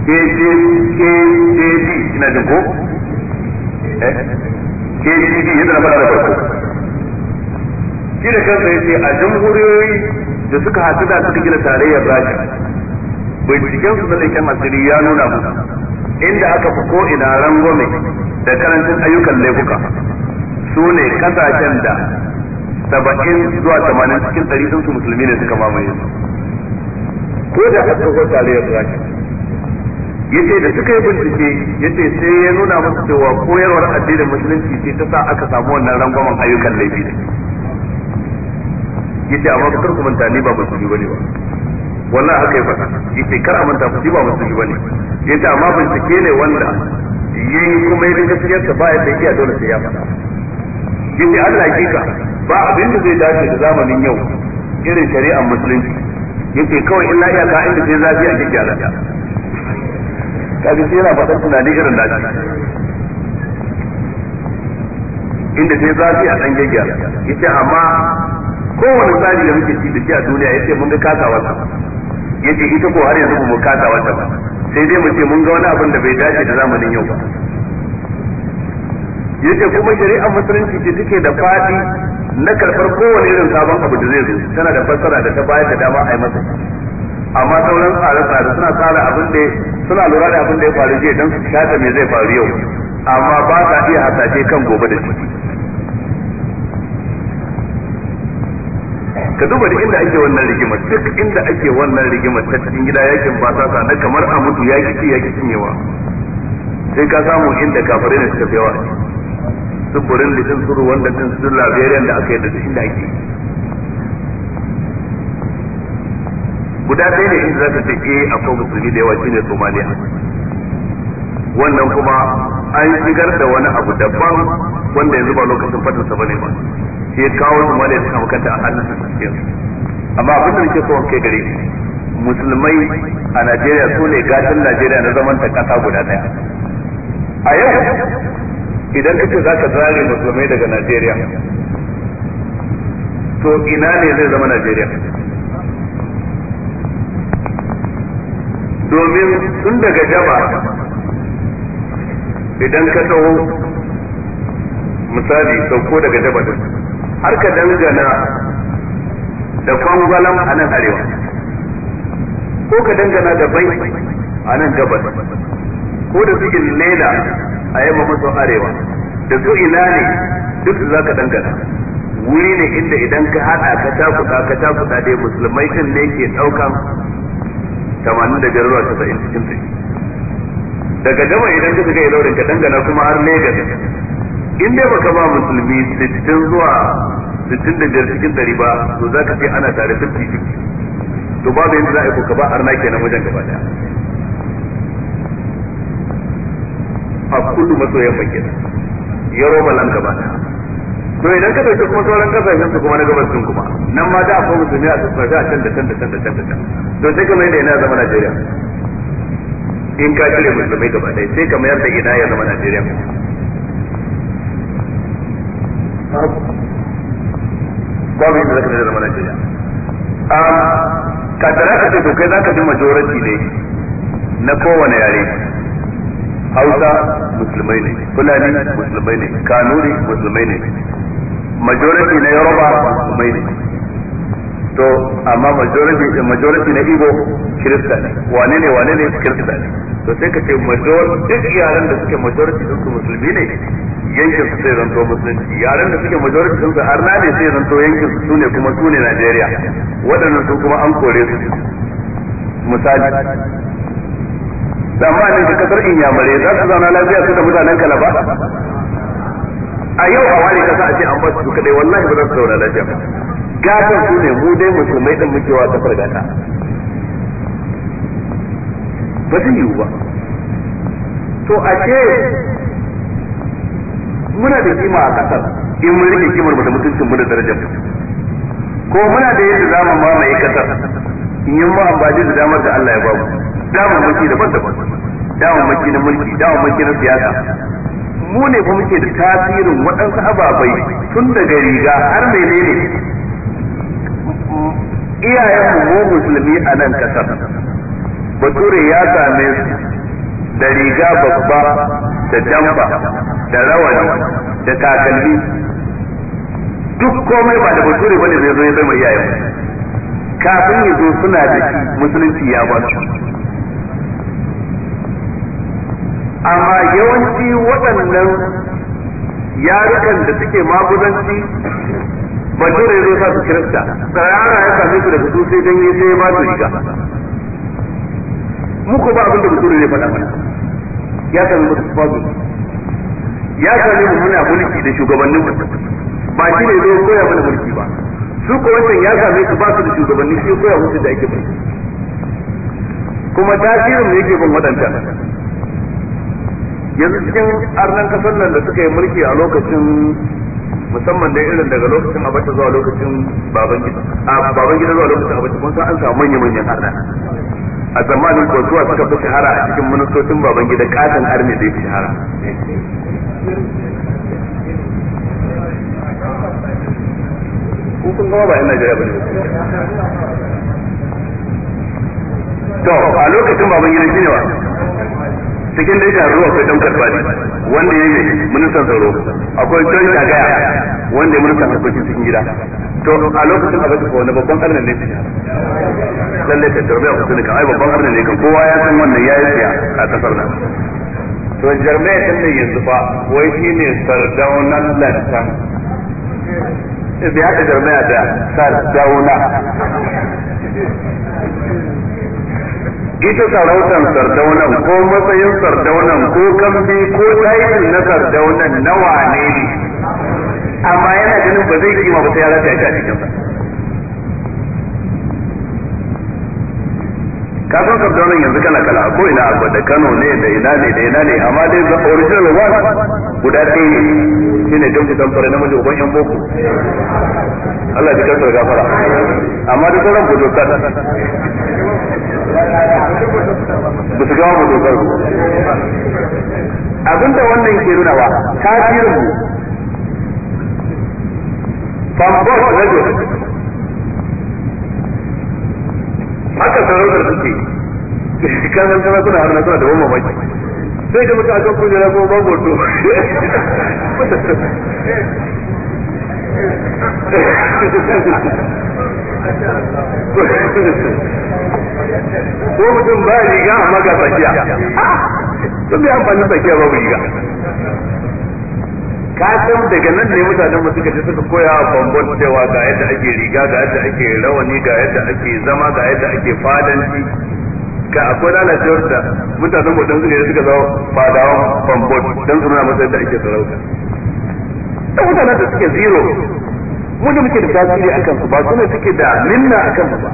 A: kjkjd ina da ko eh, kjd yadda na fara da farko shi da kansa ya ce a jamhuriyoyi da suka haɗu da suka gina tarayyar rasha binciken su da leƙen asiri ya nuna mu inda aka fi ko ina rangwame da karancin ayyukan laifuka su ne kasashen da saba'in zuwa tamanin cikin ɗari sun su musulmi ne suka mamaye su
B: ko da aka ko
A: tarayyar rasha yace da suka yi bincike yace sai ya nuna musu cewa koyarwar addinin musulunci ce ta sa aka samu wannan rangwamen ayyukan laifi yace amma kar ku manta ni ba musulmi bane ba wallahi haka ya faɗa yace kar a manta ku ba musulmi bane yace amma take ne wanda yayi kuma yayi gaskiyar ta ba ya da iya dole sai ya faɗa yace Allah hakika ba abin da zai dace da zamanin yau irin shari'ar musulunci yace kawai illa ka inda sai zafi a gyara kaga sai yana faɗar tunani irin da inda sai zafi a ɗan gyara yace amma kowane tsari da muke ci da shi a duniya yace mun ga kasa ta yace ita ko har yanzu mu kasa ta ba sai dai mu ce mun ga wani abin da bai dace da zamanin yau ba yace kuma shari'ar musulunci ce take da fadi na karɓar kowane irin sabon abu da zai zo tana da fassara da ta bayar da dama a yi masa amma sauran tsare-tsare suna tsara abin da suna lura da abin da ya faru jiya don su shata me zai faru yau amma ba sa iya hasashe kan gobe da ciki ka duba da inda ake wannan rigima duk inda ake wannan rigima ta cikin gida yakin ba sa na kamar a mutu ki ya yaki cinyewa sai ka samu inda kafare ne suka fiyawa ne su da din suru wanda din su da aka yadda inda ake guda ɗaya ne inda ka ce eh, a kan musulmi da yawa ne Somalia wannan kuma an shigar da wani abu daban wanda yanzu ba lokacin fatan sa ne ba sai ya kawo su malai suka makanta a hannun su suke amma abin da nake so in kai gare musulmai a Najeriya su ne gashin Najeriya na zaman ta kasa guda daya
B: a yau
A: idan kace zaka zare musulmai daga Najeriya to ina ne zai zama Najeriya domin tun daga jama idan ka taho misali sauko daga jaba har ka dangana da kwangwalam a nan arewa ko ka dangana da bai a nan gabas ko da cikin lela a yamma maso arewa da su ina ne duk za ka dangana wuri ne inda idan ka haɗa ka takuta ka takuta dai musulmai din ne ke ɗaukan 85 zuwa 90 cikin daga gama idan ka shiga ilaurin ka dangana kuma har Legas in dai baka ba musulmi sittin zuwa sittin da biyar cikin dari ba to za ka ce ana tare 50 to babu yadda za a yi ka ba arna kenan wajen gaba daya a kullu masoyan makin ya roba lan gaba daya to idan ka dauki kuma sauran kasashen su kuma na gabas sun kuma nan ma da akwai musulmi a sassa da can da can da can da can da can to sai kamar yadda yana zama Najeriya in ka cire musulmai gaba daya sai kamar yadda ina ya zama Najeriya babu yadda zaka da zama lafiya kaddara ka ce to kai zaka ji majority ne na kowane yare hausa musulmai ne fulani musulmai ne kanuri musulmai ne majority na yoruba musulmai ne to amma majority majority na igbo kirista ne wane ne wane ne kirista ne to sai ka ce majority duk yaran da suke majority din su musulmi ne yankin su sai zanto musulunci yaren da suke majority sun har na ne sai zanto yankin su sune kuma sune Najeriya waɗannan su kuma an kore su misali zamanin da kasar inyamare za su zauna lafiya su da mutanen kalaba a yau a wani kasa a ce an ba su kadai wallahi ba za su zauna lafiya gatan su ne mu dai musulmai din muke wa kafar gata ba zai yiwu ba to a ce muna da kima a kasar in mun rike kimar mu da mutuncin mu da darajar ko muna da yadda zamu mamaye kasar in yi mu ambaji da damar da Allah ya mu damar mulki da daban damar mulki na mulki damar mulki na siyasa mu ne ba muke da tasirin waɗansu ababai tun daga riga har menene
B: iyayen mu musulmi
A: a nan kasar bature ya same su da riga babba da jamba da rawani da takalmi duk komai ba da bature bane zai zo ya zama mai iyayen kafin yanzu suna da shi musulunci ya ba su amma yawanci waɗannan yarukan da suke maguzanci bature ya zo sa su kirista tsarara ya same su daga su sai dan yi sai ba su shiga muku ba abin da bature ne faɗa ya sami musu su ya sami mu muna mulki da shugabannin mu ba shi ne zo koya mana mulki ba su ko wannan ya sami su ba su da shugabanni shi koya musu da ake mulki kuma tasirin ne yake bin wadanta yanzu cikin arnan kasar nan da suka yi mulki a lokacin musamman da irin daga lokacin abata zuwa lokacin baban gida a baban gida zuwa lokacin abata kun san an samu manya manyan arna a zamanin kwasuwa suka fi shahara a cikin ministocin baban gida katon arne da ya fi shahara ku kun gama ba yan Najeriya ba ne
B: to a lokacin baban gidan shi ne wa
A: cikin dai akwai dan wanda ya yi ministan tsaro akwai don shagaya wanda ya ministan harkokin cikin gida to a lokacin abin wani babban arnan ne ta ku ai babban arnan ne kan kowa ya san wannan yayi siya a kasar nan to jarmai din nan yanzu fa wai shine sardaunan lantan bai eh, haɗa jarmai da sardauna
B: ita sarautan sardaunan ko matsayin sardaunan ko kambi ko taitin na
A: sardaunan nawa ne ne amma yana ganin ba zai kima ba sai ya rasa ya cikinsa
B: ka san sardanan yanzu kana kala ko ina abu da Kano ne da ina ne da ina ne amma dai ga original one
A: guda ɗaya ne shine don fitan fara namiji uban yan boko Allah ya kasar gafara amma da sauran ku dokar
B: ba su gawa mu dokar ku
A: abinda wannan ke nuna wa
B: tasirin mu fambar haka sarautar suke
A: kan san kana kuna harna kuna da wani mamaki sai da muka akan kujera kuma babu wato ko mutum ba riga amma ga tsakiya sun bi amfani tsakiya babu riga ka san daga nan ne mutanen mu suka je suka koya wa bambon cewa ga yadda ake riga ga yadda ake rawani ga yadda ake zama ga yadda ake fadanci ga akwai lalacewar da mutanen mu dan zuriya suka zama fadawan bambon dan zuriya nuna masa yadda ake sarauta da mutanen da suke zero
C: mu da muke da tasiri
A: akan su ba ne suke da minna akan mu ba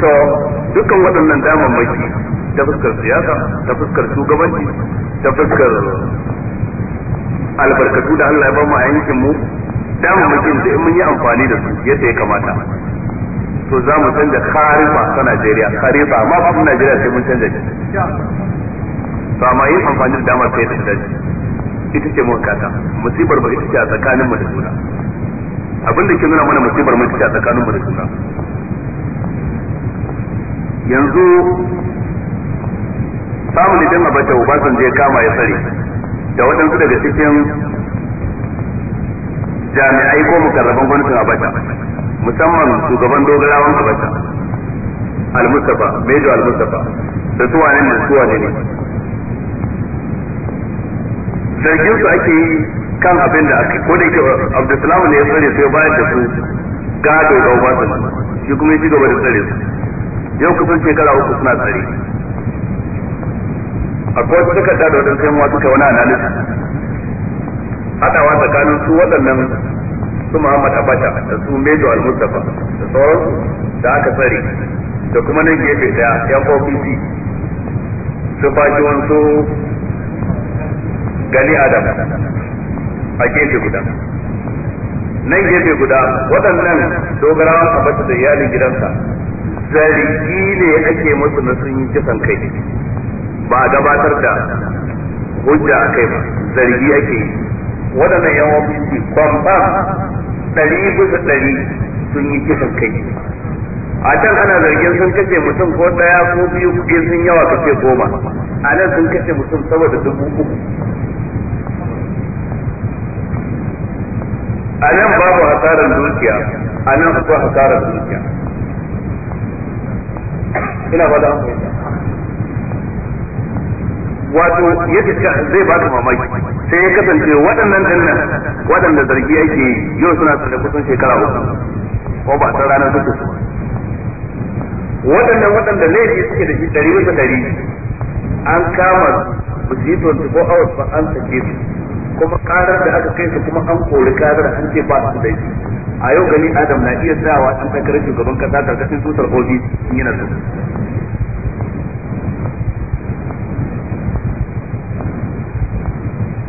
A: to dukkan waɗannan damammaki ta fuskar siyasa ta fuskar shugabanci ta fuskar albarkatu da Allah ya ba mu a yankin mu damammakin da in mun yi amfani da su yadda ya kamata to za mu canza kharifa ta Najeriya kharifa ma fa mu Najeriya sai mun canza shi to amma yin amfani da dama sai ta dace ita ce muka kata musibar ba ita ce a tsakanin mu da juna abin da ke nuna mana musibar mu ita ce a tsakanin mu da juna yanzu samun idan a bata ubasan zai kama ya tsare da waɗansu daga cikin jami'ai ko mukarraban gwamnatin a bata musamman shugaban dogarawan a bata al-mustafa mejo al-mustafa da su wane ne su wane ne zargin su ake yi kan abin da ake ko da yake abdulsalam ne ya tsare ya bayar da su gado ga ubasan shi kuma ya ci gaba da tsare su yau kusan shekara uku suna tsare akwai wata takarda da wadansu sai wasu kai wani analysis hadawa tsakanin su waɗannan su Muhammad Abacha da su Mejo Al-Mustafa da sauran da aka tsare da kuma nan gefe da yan OPC su fashi wansu gani Adam a gefe guda nan gefe guda waɗannan dogarawan Abacha da iyalin gidansa zargi ne ake musu na sun yi kisan kai ba a gabatar da hujja a kai ba zargi ake yi waɗannan yawon ofisi kwamba ɗari bisa ɗari sun yi kisan kai a can ana zargin sun kashe mutum ko ɗaya ko biyu kuɗi sun yawa kashe goma a nan sun kashe mutum saboda dubu uku a nan babu hasarar dukiya a nan akwai hasarar dukiya ina ba da wato ya fiska zai ba mamaki sai ya kasance waɗannan dinnan waɗanda zargi yake yau suna tsare kusan shekara uku ko ba ta ranar duk su waɗannan waɗanda laifi suke da shi ɗari bisa ɗari an kama su su yi 24 hours ba an sake su kuma karar da aka kai su kuma an kori karar an ce ba su laifi a yau gani adam na iya sawa an takarar shugaban kasa karkashin tutar ofis yana su.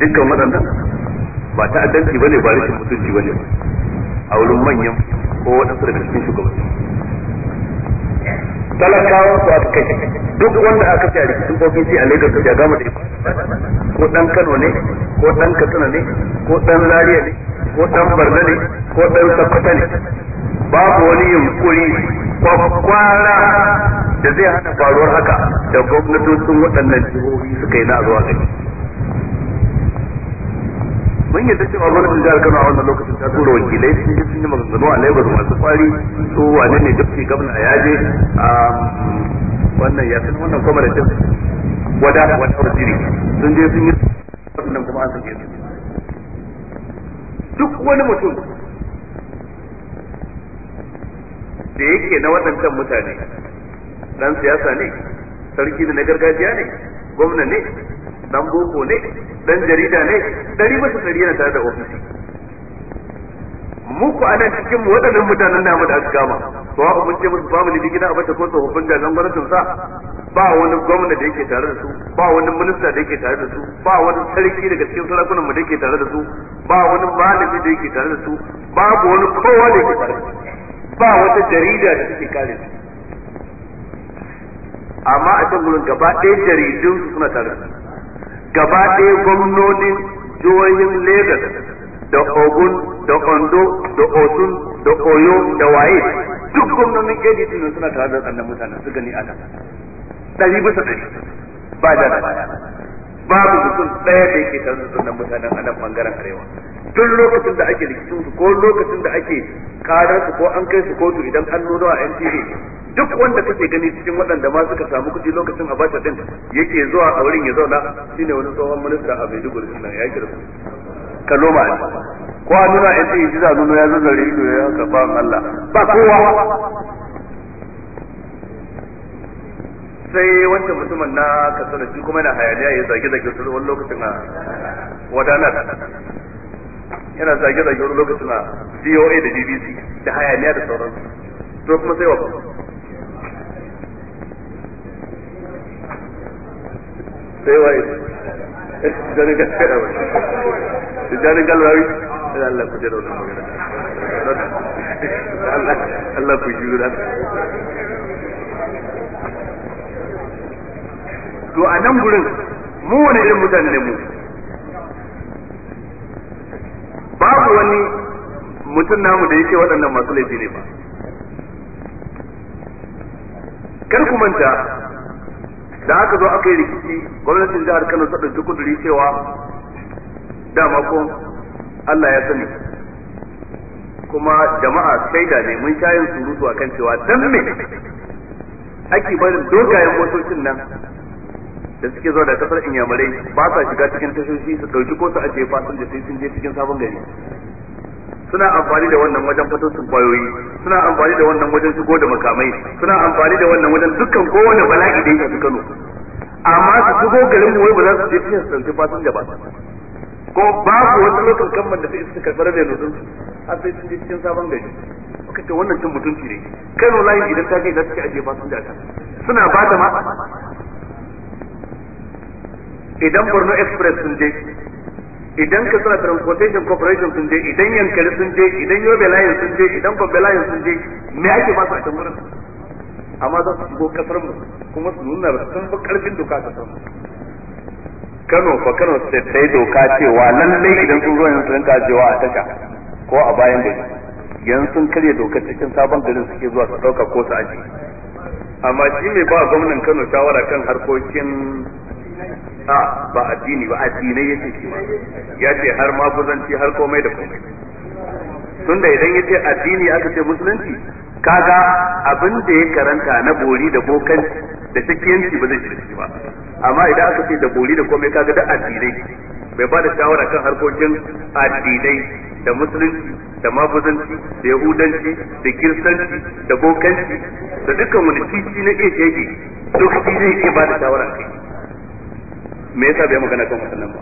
A: dukkan waɗannan ba ta'addanci bane ba rashin mutunci bane a wurin manyan ko waɗansu daga cikin shugabanci talakawa ko aka kashe duk wanda aka kashe a rikicin ofishi a lagos ya gama da ko dan kano ne ko dan katsina ne ko dan zaria ne ko dan barna ne ko dan Sokoto ne babu wani yunkuri kwakwara da zai hana faruwar haka da gwamnatocin waɗannan jihohi suka yi na zuwa gani mun yadda cewa gwamnatin jihar Kano a wannan lokacin ta tura wakilai sun yi sun yi maganganu a Lagos masu kwari su wane ne dukki gwamna a yaje a wannan ya san wannan kwamar da cin wada wata waziri sun je sun yi wannan kuma an sake su duk wani mutum da yake na waɗancan mutane dan siyasa ne sarki da na gargajiya ne gwamna ne dan boko ne dan jarida ne dari bisa dari yana tare da ofisi ku ana cikin waɗannan mutanen namu da aka kama to ha mun ce musu ba mu gida a bata ko tsofaffin jami'an gwamnatin sa ba wani gwamna da yake tare da su ba wani minista da yake tare da su ba wani sarki daga cikin sarakunan mu da yake tare da su ba wani malami da yake tare da su ba wani kowa da yake tare da su ba wata jarida da take kare su amma a cikin gurin gaba ɗaya jaridun su suna tare da su gaba ɗaya gwamnonin jihohin Legas da Ogun da Ondo da Osun da Oyo da waye duk gwamnonin ADC ne suna tare da tsannan mutanen su gani a nan ɗari bisa ɗari ba da babu mutum ɗaya da yake tare da tsannan mutanen a nan bangaren arewa duk lokacin da ake rikicin su ko lokacin da ake karan su ko an kai su kotu idan an nuno a NTV duk wanda kake gani cikin waɗanda ma suka samu kuɗi lokacin a bata din yake zuwa a wurin ya zauna shine wani tsohon minista a Maiduguri din nan ya kira su noma ne ko a nuna a NTV za nuno ya zazzare da ya ka ba Allah ba kowa sai wancan mutumin na kasar shi kuma yana hayaniya ya zage zage su wani lokacin a wadanar yana zage zage wani lokacin na DOA da BBC da hayaniya da sauran to kuma sai wa sai wa jarin gaskiya ba jarin galwawi da Allah ku jira wannan magana Allah ku jira to a nan gurin mu wani irin mutane ne mu babu wani mutum namu da yake waɗannan masu laifi ne ba kar ku manta da aka zo aka yi rikici gwamnatin jihar Kano ta ɗauki kuduri cewa dama ko Allah ya sani kuma jama'a shaida ne mun sha yin surutu akan cewa dan me ake barin dogayen motocin nan da suke zuwa da kasar inyamurai ba sa shiga cikin tashoshi su dauki ko su ajiye fasinja sai sun je cikin sabon gari suna amfani da wannan wajen fatosin kwayoyi suna amfani da wannan wajen shigo da makamai suna amfani da wannan wajen dukkan kowane bala'i da yake Kano
B: amma su shigo garin wai ba
A: za su je cikin su fasin fasinja ba ko ba su wani lokacin kamar da sai su karɓar da nutsun har sai sun je cikin sabon gari kuka ce wannan cin mutunci ne kai layin idan ta kai za su ci ajiye fasinja ta suna ba ta ma idan borno express sun je idan kasar transportation corporation sun je idan yankari sun je idan yobe layin sun je idan babbe layin sun je me ake ba su a can wurin amma za su shigo kasar mu kuma su nuna sun fi karfin doka kasar Kano fa Kano state sai doka cewa lallai idan sun zo yanzu sun kajewa a tasha ko a bayan gari yanzu sun karya dokar cikin sabon garin suke zuwa su dauka ko su aji amma shi mai ba gwamnan Kano shawara kan harkokin a ba addini ba addinai yake shi ma ya ce har ma kuzanci har komai da komai tunda idan yace addini aka ce musulunci kaga abin da ya karanta na bori da bokan da sakiyanci ba zai da ba amma idan aka ce da bori da komai kaga da addinai bai ba da shawara kan harkokin addinai da musulunci da mabuzanci da yahudanci da kirsanci da bokanci da dukkan wani titi na iya shege duk shi zai iya ba da shawara kai me yasa bai magana kan waɗannan ba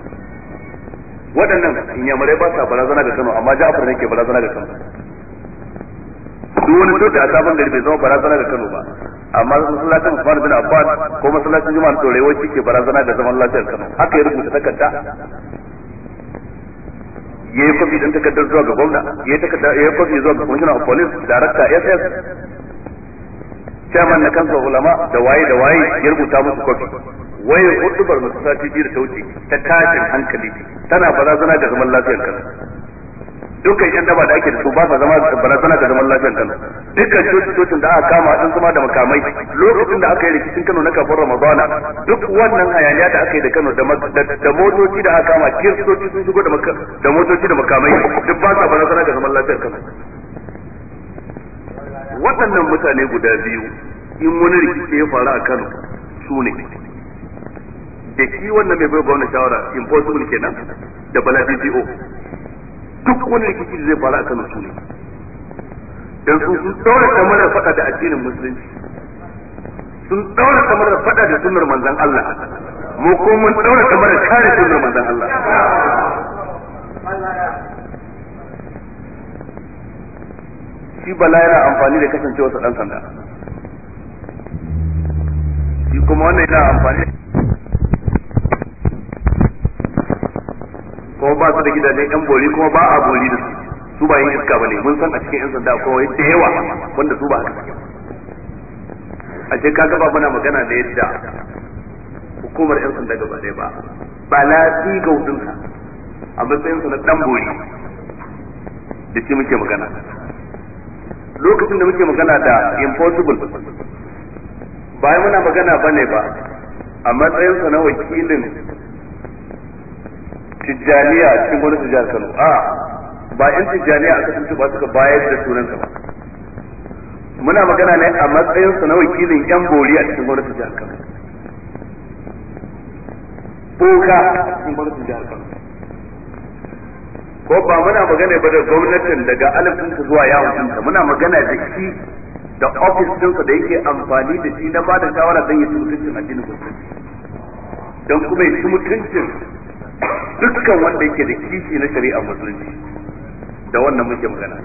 A: waɗannan inyamurai ba sa barazana ga Kano amma ja'afar ne ke barazana ga Kano duk wani duk da sabon gari bai zama barazana ga Kano ba amma masallacin Usman bin Affan ko masallacin Juma'a Tsorewa wacce ke barazana ga zaman lafiyar Kano haka ya rubuta takarda ya yi kwafi don takardar zuwa ga gwamna ya yi ya yi kwafi zuwa ga commissioner of police director ss chairman na kansa ulama da waye da waye ya rubuta musu kwafi wayar hudubar masu sati biyar ta wuce ta tashin hankali tana barazana ga zaman lafiyar kanu dukkan yan daba da ake da su ba sa zama barazana ga zaman lafiyar kanu dukkan cocin da aka kama sun zama da makamai lokacin da aka yi rikicin kano na kafin ramadana duk wannan hayaniya da aka yi da kano da motoci da aka kama kiristoci sun shigo da motoci da makamai duk ba sa barazana ga zaman lafiyar kano waɗannan mutane guda biyu in wani rikici ya faru a kano su ne da shi wannan mai bai gwamna shawara impossible kenan da bala DPO duk wani rikici zai fara a kan su ne dan su sun daura kamar faɗa da addinin musulunci sun daura kamar faɗa da sunnar manzon Allah mu ko mun daura kamar kare sunnar manzon Allah shi bala yana amfani da kasancewa sa dan sanda shi kuma wannan yana amfani da kuma ba su da gidajen yan bori kuma ba a bori da su su ba yin iska bane mun san a cikin yan sanda akwai da yawa wanda su ba haka suke a ce kaga ba muna magana da yadda hukumar yan sanda gaba ɗaya ba ba na fi gaudinsa a matsayinsa na dan bori da shi muke magana lokacin da muke magana da impossible bayan muna magana bane ba a matsayinsa na wakilin tijjaniya a cikin gwamnatin jihar Kano a ba yan tijjaniya aka tuntu ba suka bayar da sunan ba muna magana ne a matsayin su na wakilin yan bori a cikin wani tijjar Kano boka a cikin wani tijjar Kano ko ba muna magana ba da gwamnatin daga alifin zuwa yawon muna magana da shi da ofis ɗinsa da yake amfani da shi na ba da shawara don yi su mutuncin addinin musulunci don kuma ya ci mutuncin dukkan wanda yake da kishi na shari'a musulunci da wannan muke magana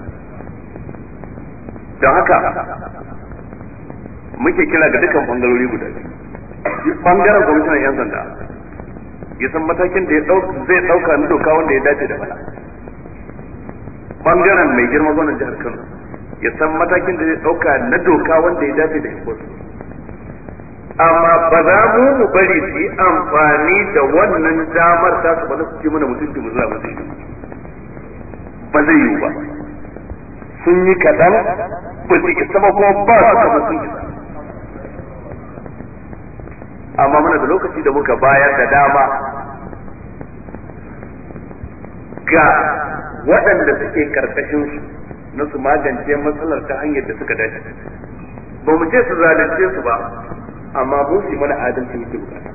A: Da haka muke kira ga dukkan bangarori guda biyu bangaren kwamishinan yan sanda ya san matakin da zai dauka na doka wanda ya dace da bala bangaren mai girma zonar jihar kano ya san matakin da zai dauka na doka wanda ya dace da ikonsu amma ba za mu mu bari su yi amfani da wannan damar ta su ba su ce mana mutunci mu zuwa mutunci ba zai yiwu ba
B: sun yi kadan ba
A: su yi sama kuma
B: ba su kama sun yi
A: amma muna da lokaci da muka bayar da dama ga waɗanda suke su na su magance matsalar ta hanyar da suka dace ba mu ce su zalunce su ba amma mun su mana adalci muke bukata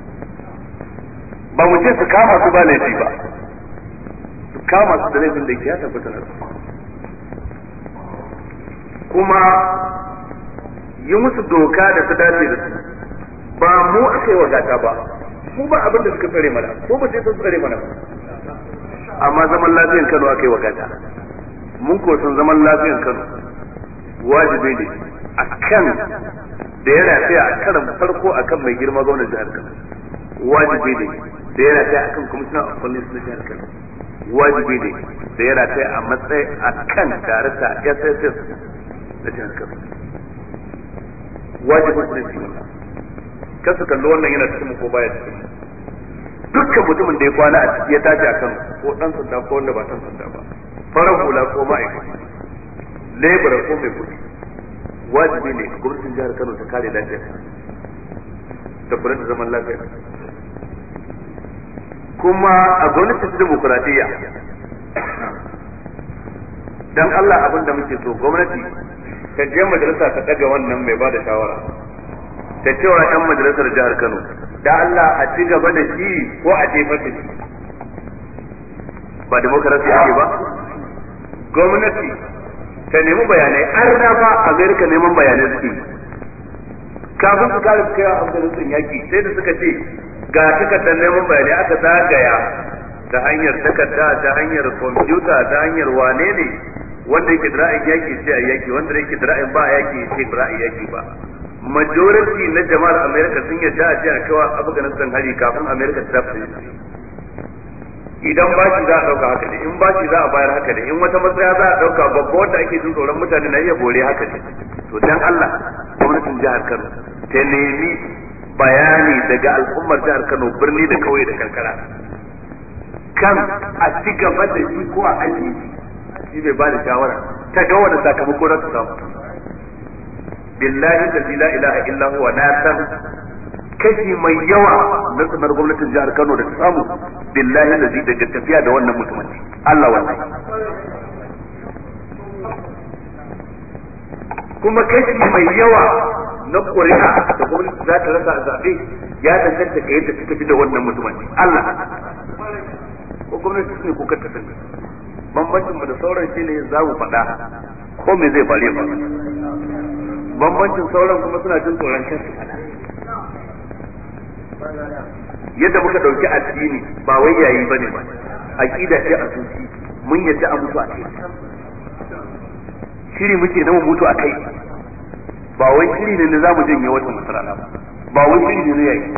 A: ba mu ce su kama su ba laifi ba su kama su da laifin da ke ya tabbatar da kuma yi musu doka da su dace da su ba mu aka yi wa gata ba su ba abin da suka tsare mana ko ba sai sun tsare mana ba amma zaman lafiyan Kano aka yi wa gata mun ko zaman lafiyan Kano wajibi ne a kan. da ya rataya a karan farko akan mai girma gwamnan jihar Kano wajibi ne da ya a kan kwamishinan of na jihar Kano wajibi ne da ya rataya a matsayi a akan darata SSS na jihar Kano wajibin ne su su kallo wannan yana cikin ko baya cikin dukkan mutumin da ya kwana a ciki ya tashi a kan ko dan sanda ko wanda ba dan sanda ba farar hula ko ma'aikata lebura ko mai kuɗi wajibi ne gwamnatin jihar Kano ta kare lafiyar ta kula da zaman lafiya kuma a gwamnati ta demokuraɗiyya dan Allah abin da muke so gwamnati ta je majalisa ta ɗaga wannan mai bada shawara ta cewa 'yan majalisar jihar Kano da Allah a ci gaba da shi ko a jefar da shi ba demokarasi ake ba gwamnati ka nemi bayanai arna fa amerika neman bayanai suke kafin su kare su kaiwa afganistan yaki sai da suka ce ga takardar neman bayanai aka zagaya ta hanyar takarda ta hanyar kwamfuta ta hanyar wane ne wanda yake ra'ayin yaki sai a yaki wanda yake ra'ayin ba yaki sai dra'in yaki ba majority na jama'ar amerika sun yarda a kawai a kaiwa afganistan hari kafin amerika ta fahimci idan bashi za a dauka haka ne in bashi za a bayar haka ne in wata matsaya za a dauka babba wanda ake jin tsoron mutane na iya bore haka ne to dan Allah gwamnatin jihar Kano ta nemi bayani daga al'ummar jihar Kano birni da kauye da karkara
C: kan a ci gaba da shi ko a aji shi bai
A: ba da shawara ta ga wani sakamako na ta samu billahi la ilaha illa huwa na san kashi mai yawa na tsanar gwamnatin jihar Kano da ta samu billahi da zai daga tafiya da wannan mutumin Allah wannan
C: kuma kashi mai yawa na
A: ƙuri'a da gwamnati za ta rasa a zaɓe ya danganta ka yadda ta tafi da wannan mutumin Allah ko gwamnati su ne ko kanta sun bambancin mu da sauran shi ne za mu faɗa ko me zai bare ba bambancin sauran kuma suna jin tsoron kansu faɗa yadda muka dauki addini ba wai yayi bane ba aqida ce a zuci mun yadda a mutu a kai shiri muke na mutu a kai ba wai shiri ne na zamu janye wata masara ba ba wai shiri ne na yayi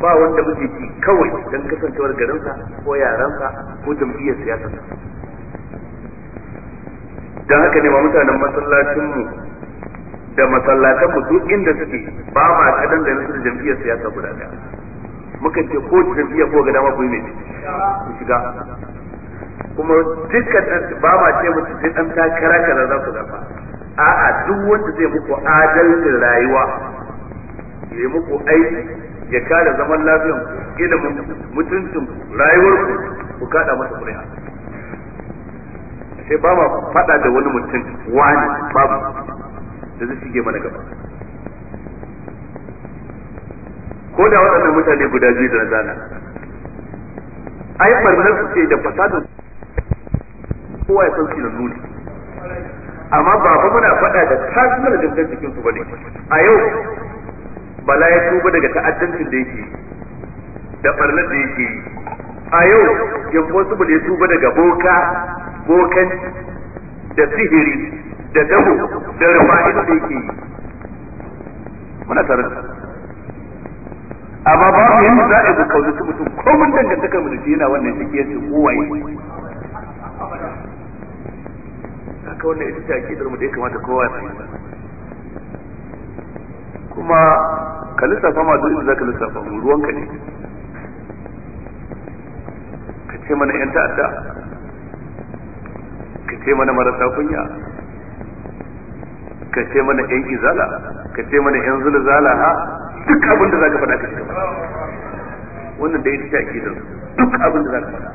A: ba wanda muke ki kawai dan kasancewar garinsa ko yaransa ko jam'iyyar siyasa dan haka ne ma mutanen masallacin mu da masallatan mu duk inda suke ba ma kadan da nasu jam'iyyar siyasa guda daya muka ce ko jam'iyya ko ga dama ku yi ne ku shiga kuma dukkan ba ma ce musu duk dan takara kara za ku zaba a'a duk wanda zai muku adalcin rayuwa ya muku aiki ya kare zaman lafiyar, ku ilimin mutuncin rayuwar ku ku kada masa ƙuri'a sai ba ma faɗa da wani mutum wani babu da zai shige mana gaba ko da waɗannan mutane guda biyu da na zana ai barnar su ce da fasada kowa ya sauki na nuni amma ba fa muna faɗa da tasmar dangan cikin su bane a yau bala ya tuba daga ta'addancin da yake da barnar da yake yi a yau impossible ya tuba daga boka bokan da sihiri da dabo da rufa'in da yake yi muna tare da amma babu yanda za a yi kaunaci mutum ko mun dangantaka mu da shi yana wannan shakiyar ce kowaye haka wannan ita ce akidar mu da ya kamata kowa ya fahimta kuma ka lissafa ma duk za ka lissafa mu ruwanka ne ka ce mana yan ta'adda ka ce mana marasa kunya ka ce mana yan izala ka ce mana yan zulzala ha duk abin da zaka faɗa ka ce wannan da yake da duk abin da zaka faɗa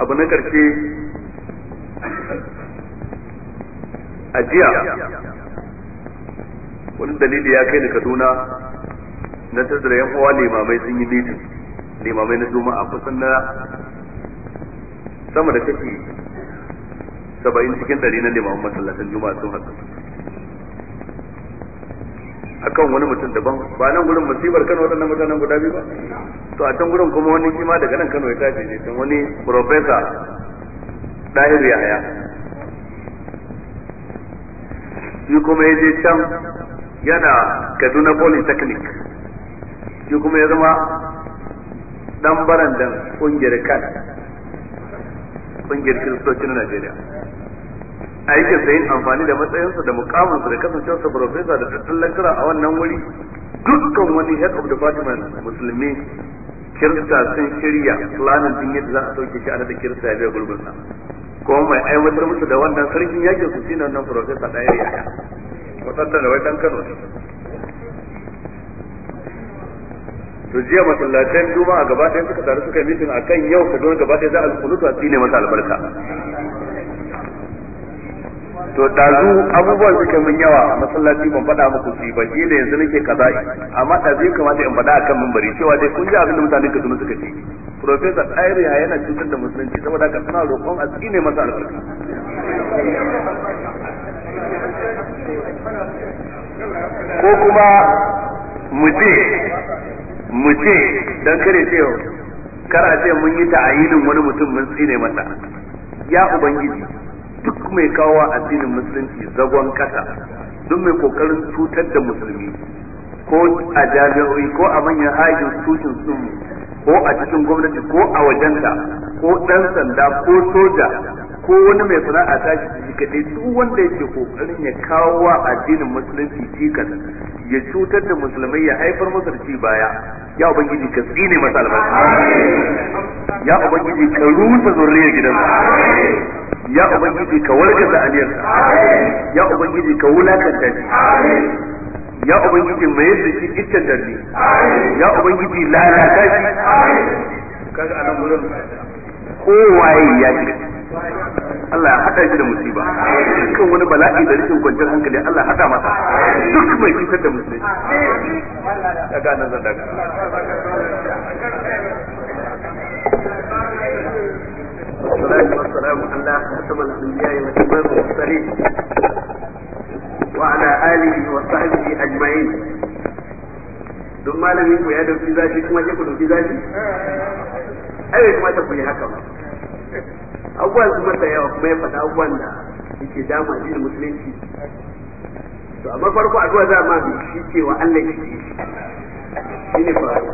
A: abu na karshe ajiya wani dalili ya kai ni Kaduna na tattara yan uwa limamai sun yi mitin limamai na juma'a kusan na sama da kake saba'in cikin ɗari na limamin masallatan juma'a sun a akan wani mutum daban ba nan gurin musibar kano waɗannan mutanen guda biyu ba to a can gurin kuma wani kima daga nan kano ya tafi ne tun wani profesa ɗahir yahaya shi kuma ya je can yana kaduna polytechnic shi kuma ya zama ɗan barandan ƙungiyar kan kungiyar kiristoci na Najeriya aikin da yin amfani da matsayinsa da mukamansa da kasancewarsa profesa da tattalin kira a wannan wuri dukkan wani head of department musulmi kirista sun shirya planin din yadda za a sauke shi a da kirista ya biya sa. kuma mai aiwatar musu da wannan sarkin yakin su na wannan profesa ɗaya ya wasan da wai Kano to jiya masallatan a gaba ɗaya suka taru suka yi mitin akan yau ka zo gaba ɗaya za a kunutu a tsine masa albarka to ɗazu abubuwan suke mun yawa masallaci ban faɗa muku shi ba shi ne yanzu nake kaza amma zai kamata in faɗa akan mimbari cewa dai kun ji abin da mutane Kaduna suka ce Profesa Ɗayar ya yana cutar da musulunci saboda ka suna roƙon a tsine masa albarka. Ko kuma mu ce mu ce dan kare ce kar a ce mun yi ta'ayinin wani mutum mun tsine masa ya ubangiji duk mai kawo addinin musulunci zagon kasa duk mai kokarin cutar da musulmi ko a jami'o'i ko a manyan hajin tushen sun ko a cikin gwamnati ko a wajenta ko ɗan sanda ko soja ko wani mai sana'a ta shi kadai duk wanda yake kokarin ya kawo wa addinin musulunci cikas ya cutar da musulmai ya haifar masa ci baya ya ubangiji ka tsine masa albarka ya ubangiji ka rusa zurriyar gidansa ya ubangiji ka wargaza Aliyar. ya ubangiji ka wulakanta shi ya ubangiji mai yadda shi iccen ne ya ubangiji lalata shi kaga anan gurin kowaye ya shiga Allah ya haɗa shi da musiba dukkan wani bala'i da rashin kwanciyar hankali Allah ya hada masa duk mai cutar da musulmi daga nan zan daga wa
B: والسلام على خاتم الأنبياء وإمام المرسلين وعلى آله
C: وصحبه أجمعين don malamin ku ya dauki zafi kuma ya ku dauki zafi ai bai kamata ku yi haka ba abubuwan su masa yawa kuma ya faɗa abubuwan da yake dama a da musulunci to amma farko addu'a za ma bi shi cewa Allah ya shi shi ne faru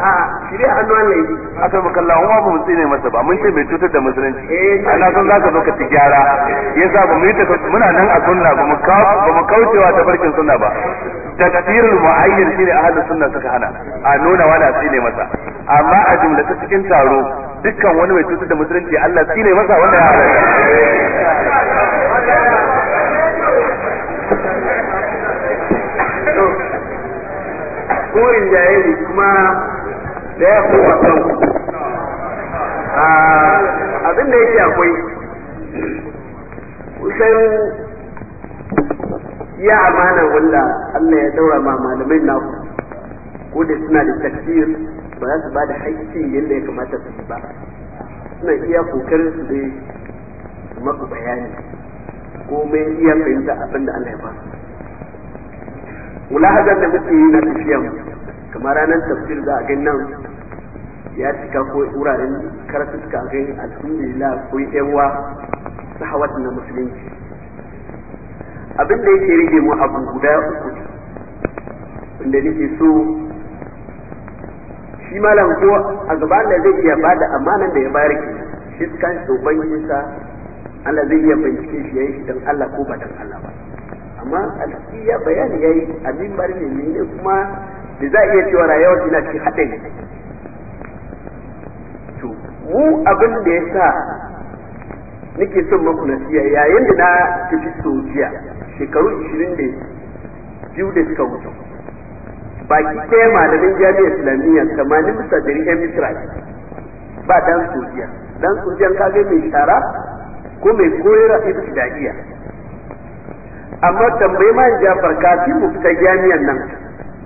B: a
A: shi a hannu Allah yi aka maka Allah wa ba mutsi ne masa ba mun ce bai cutar da musulunci eh, ana za ka zo ka ci gyara yasa ba mu yi ta muna nan a sunna ba mu ba mu kaucewa ta barkin sunna ba tafsirul mu'ayyin shine ahlus sunna suka hana a nuna wala tsine masa amma a jumla ta cikin taro dukkan wani mai cutar da musulunci Allah ne masa wanda ya halaka
C: Korin jayeli kuma da ya kuma kan ah, abin da yake akwai kusan ya amana wanda Allah ya daura ma malamai na ko da suna da tafsir ba za su ba da haƙƙin yadda ya kamata su ba suna iya kokarin su dai maku bayani ko mai iya fahimta abin da Allah ya ba mulahazar da muke yi na tafiya kamar ranar tafsir za a ga nan ya cika ko wuraren karatu suka ga alhamdulillah ko yawa sahawat na musulunci abin da yake rige mu abu guda uku wanda nake so shi malam ko a gaba Allah zai iya bada amanan da ya bayar ki shi kan tsoban yinsa Allah zai iya bincike shi yayi shi dan Allah ko ba dan Allah ba amma alhaji ya bayani yayi abin bari ne ne kuma da za a iya cewa rayuwar ina ci haɗari to mu abin da ya sa nake son maku nasiya yayin da na tafi sojiya shekaru 20 da biyu da suka wuce baki ɗaya malamin jami'a islamiyya tamanin bisa ɗari yan misra ba dan sojiya dan ka ga mai shara ko mai koyar da ibtidaiya amma tambayi ma jafar kafin mu fita jami'an nan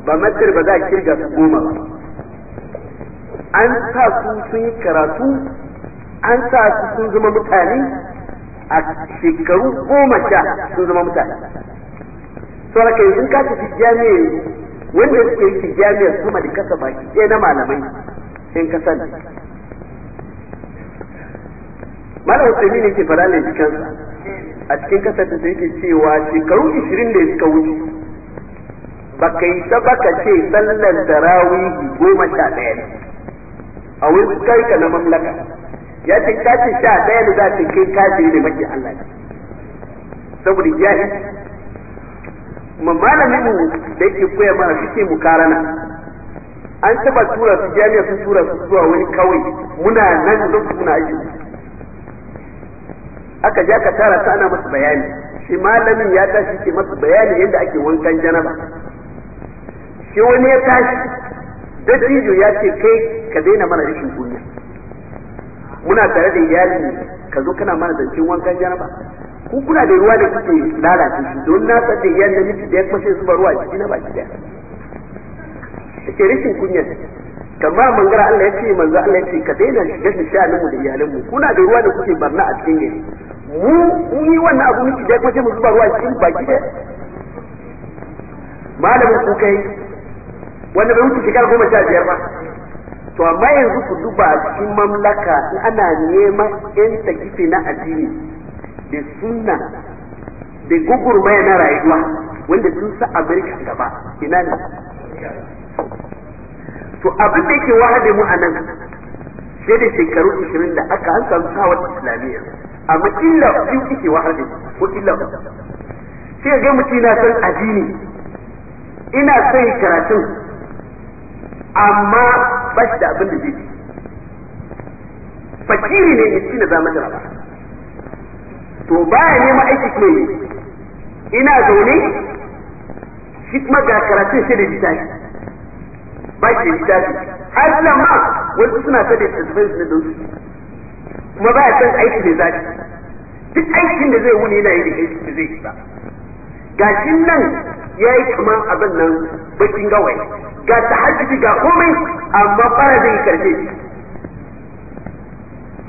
C: ba matar ba za a kirga su goma ba an sa su sun yi karatu an sa su sun zama mutane a shekaru goma sha sun zama mutane saboda kai ka tafi jami'a wanda suke yi jami'ar sama da kasa baki ɗaya na malamai sun ka sani malam usaimi ne ke fara ne cikin a cikin kasar da yake cewa shekaru 20 da suka wuce ba ka yi ta ka ce sallan tarawihi goma sha ɗaya ne a wurin karka na mamlaka ya ce kace sha ɗaya ne za ta kai kace ne maki Allah ne saboda ya kuma malamin mu da yake koya mana suke mukarana an taba tura su jami'a sun tura su zuwa wani kawai muna nan lokacin muna aiki aka ja ka tara ta ana masu bayani shi malamin ya tashi ke masu bayani yadda ake wankan janaba shi wani ya tashi dattijo ya ce kai ka daina mana rashin kunya muna tare da iyali ka zo kana mana zancen wankan janaba ku kuna da ruwa da kuke lalace shi don na san da yanda miki da ya kuma sai zuba ruwa cikin na baki daya take rashin kunya kamar mangara Allah ya ce manzo Allah ya ce ka daina shiga nishanin mu da iyalan mu kuna da ruwa da kuke barna a cikin gari mu ni wannan abu miki da kuma sai mu zuba ruwa a cikin baki daya malamin ku kai wanda bai wuce shekara goma sha biyar ba to amma yanzu ku duba cikin mamlaka ana neman yan tagife na addini da suna da gugurmaya na rayuwa wanda sun sa Amerika gaba ina ne to abin da yake wahade mu anan sai da shekaru 20 da aka an samu sawar islamiyya amma illa biyu kike wahade ko illa sai ga mutum na son addini ina son karatun amma ba shi da abin da zai fakiri ne miskin da za mata ba to baya nema aiki ne yi ina zaune shi kuma ga karatun shi da littafi ba shi da littafi har ma wasu suna ta da littattafai su da su kuma baya san aiki da zaki duk aikin da zai wuni yana yi da aiki da zai ba ga gashin nan ya yi kama abin nan bakin gawai ga ta hajji ga komai amma fara zai yi karfe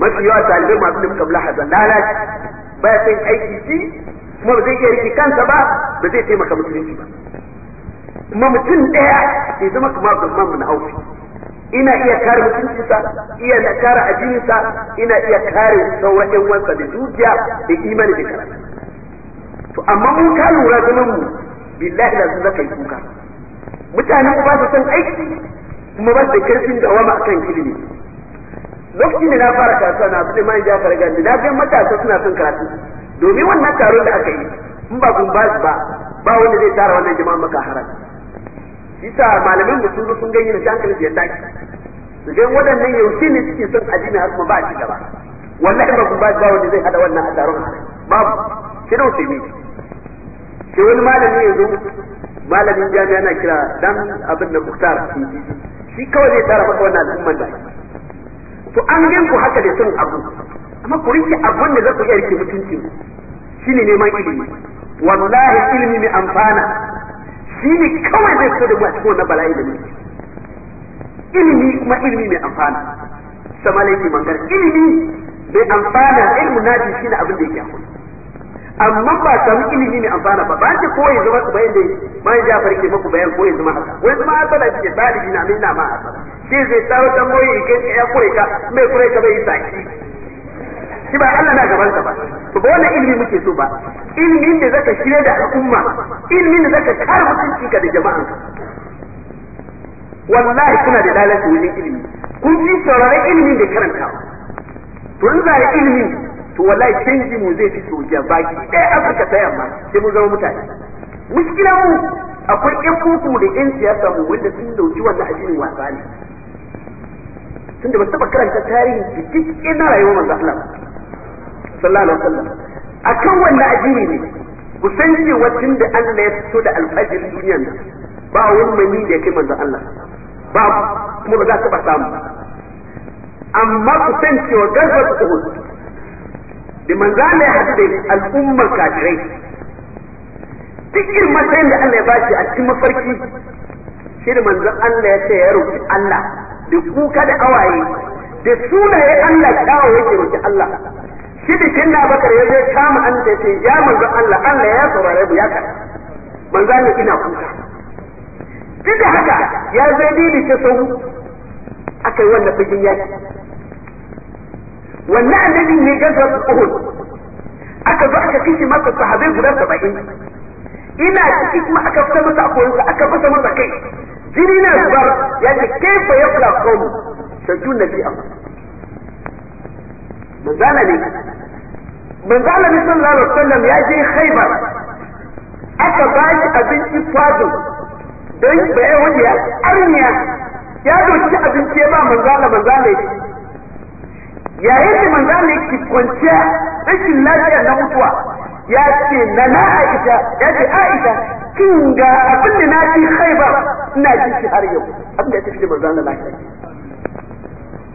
C: mafi yawa talibai masu limka bula hazan lalaci ba ya aiki shi kuma ba zai iya rike kansa ba ba zai taimaka musulunci ba kuma mutum ɗaya ke zama kamar Abdulman na haushi ina iya kare mutuncinsa iya na kare sa, ina iya kare sauran ƴan da dukiya da imani da karatu to amma mun ka lura zaman mu billahi da sun zaka yi kuka mutane ba su san aiki kuma ba su da karfin dawama akan ilimi lokacin da na fara kasuwa na abu mai fara gandi na ga matasa suna son karatu domin wannan taron da aka yi in ba kun ba ba ba wanda zai tara wannan jama'a maka haram isa malamin da sun zo sun ganye da shankalin da ya tashi su ga waɗannan yaushe ne suke son addini har kuma ba a ci gaba wallahi ba kun ba ba wanda zai hada wannan a taron haram babu shi da usaimi shi wani malami yanzu malamin jami'a na kira dan abin da muktar shi kawai zai tara maka wannan al'umman da to an gan ku haka da son abu amma ku rike abun da za ku iya rike mutunci shine neman ilimi wallahi ilimi mai amfana shine kawai zai fito da mu a cikin wannan bala'i da muke ilimi kuma ilimi mai amfana sama laifi mangar ilimi bai amfana ilmu shi shine abin da yake akwai amma ba samu ilimi mai amfana ba ba ce ko ya zama ku bayan da bayan ya farke muku bayan ko ya zama haka wai kuma haka da ke talibi na minna ma shi zai tsaro moyi ke ya kure ka mai kure ka bai saki shi ba Allah na gaban ka ba to ba wannan ilimi muke so ba ilimin da zaka shirye da al'umma ilimin da zaka kare mutunci ka da jama'an wallahi kuna da dalilin wajen ilimi kun ji sauraron ilimin da karanta to in za ilimi to wallahi canji mu zai fito ya baki ɗaya afirka ta yamma sai mun zama mutane muskila mu akwai ƴan kuku da ƴan siyasa mu wanda sun dauki wannan addinin wasa ne tunda ba taɓa karanta tarihin duk na rayuwar manzo Allah sallallahu alaihi wasallam akan wannan addini ne ku san cewa tunda Allah ya fito da alfajir duniyar nan ba wani mani da ya kai manzo Allah ba kuma ba za ta ba samu amma ku san cewa garbar Uhud da manzo Allah ya da al'ummar kafirai duk irin matsayin da Allah ya bashi a cikin mafarki shi da manzo Allah ya ce ya roki Allah da kuka da awaye da sunaye Allah kawo yake roki Allah shi da kin na bakar ya je kama an da ce ya manzo Allah Allah ya saurare mu ya ka manzo Allah ina kuka duk da haka ya zai didi ta sau yi wannan fagen yaki wannan annabin ne gaza uhud aka zo aka kishi masa sahabbai guda saba'in ina ciki kuma aka fita masa akoyinsa aka fasa masa kai jini na zubar ya ce kaifa ya fula kawo shaju na fi'a manzala ne manzala ne sallallahu alaihi wasallam ya je khaibar aka ba shi abinci fadu don bayan wajen ya arniya ya doki abinci ya ba manzala manzala yi da manza ne ki kwanciya rashin lafiya na mutuwa ya ce na na Aisha ya ce Aisha kin ga abin da na ji haiba, ina ji shi har yau abin da ya tafi manza na lafiya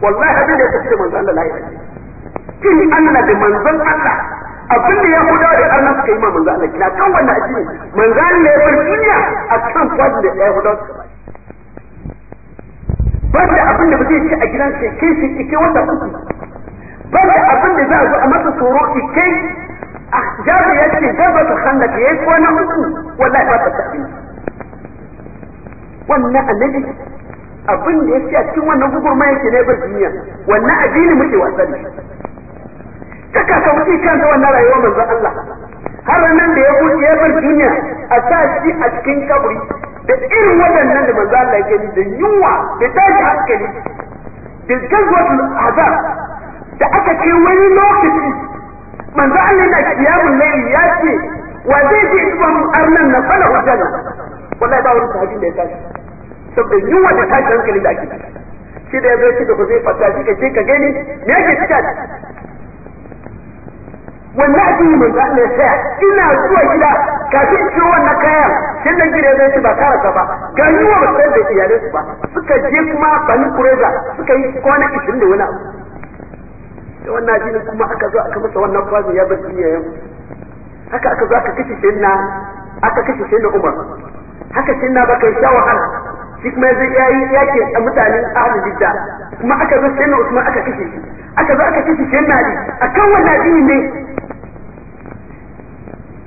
C: wallahi abin da ya tafi manza na lafiya kin Allah da manzan Allah abin da ya guda da Allah suka yi ma manzo Allah kina kan wannan addini manzo Allah ya bar duniya kan fadin da ya guda ba da abin da ba zai ci a gidansa kai shi ke wata kuka babu abin da za a zo a masa tsoro ikai a jabi ya ce zai ba ta hannu ya yi kwana uku wallahi ba ta tafi wannan annabi abin da ya ce a cikin wannan mai yake ne ba duniya wannan addini muke wasa ne. ta kasa kan kansa wannan rayuwar manzo Allah har nan da ya buɗe ya bar duniya a sa shi a cikin kaburi da irin waɗannan da manzo Allah ya gani da yunwa da tashi hankali da gazwatul azab da aka ce wani lokaci manzo Allah na kiyamun laili ya ce wa zai ji zuwa arnan na fala hujjana wallahi ba wani sahabi da ya tashi saboda yunwa da tashi hankali da ake shi da ya zo da zai fata shi ka ce ka gani me yake cika wannan addini manzo Allah ya tsaya ina zuwa gida kafin ci wannan kayan sai dan gida zai ci ba ka ba ga yunwa ba sai da iyalai su ba suka je kuma bani kureza suka yi kwana 20 da wani abu da wannan addinin kuma aka zo aka masa wannan fazi ya bar iyayen haka aka zo aka kashe shi na aka kashe shi na Umar haka shi na baka sha wahala shi kuma yanzu yayi yake a mutanen ahlul bidda kuma aka zo shi na Usman aka kashe shi aka zo aka kashe shi na a kan wannan addini ne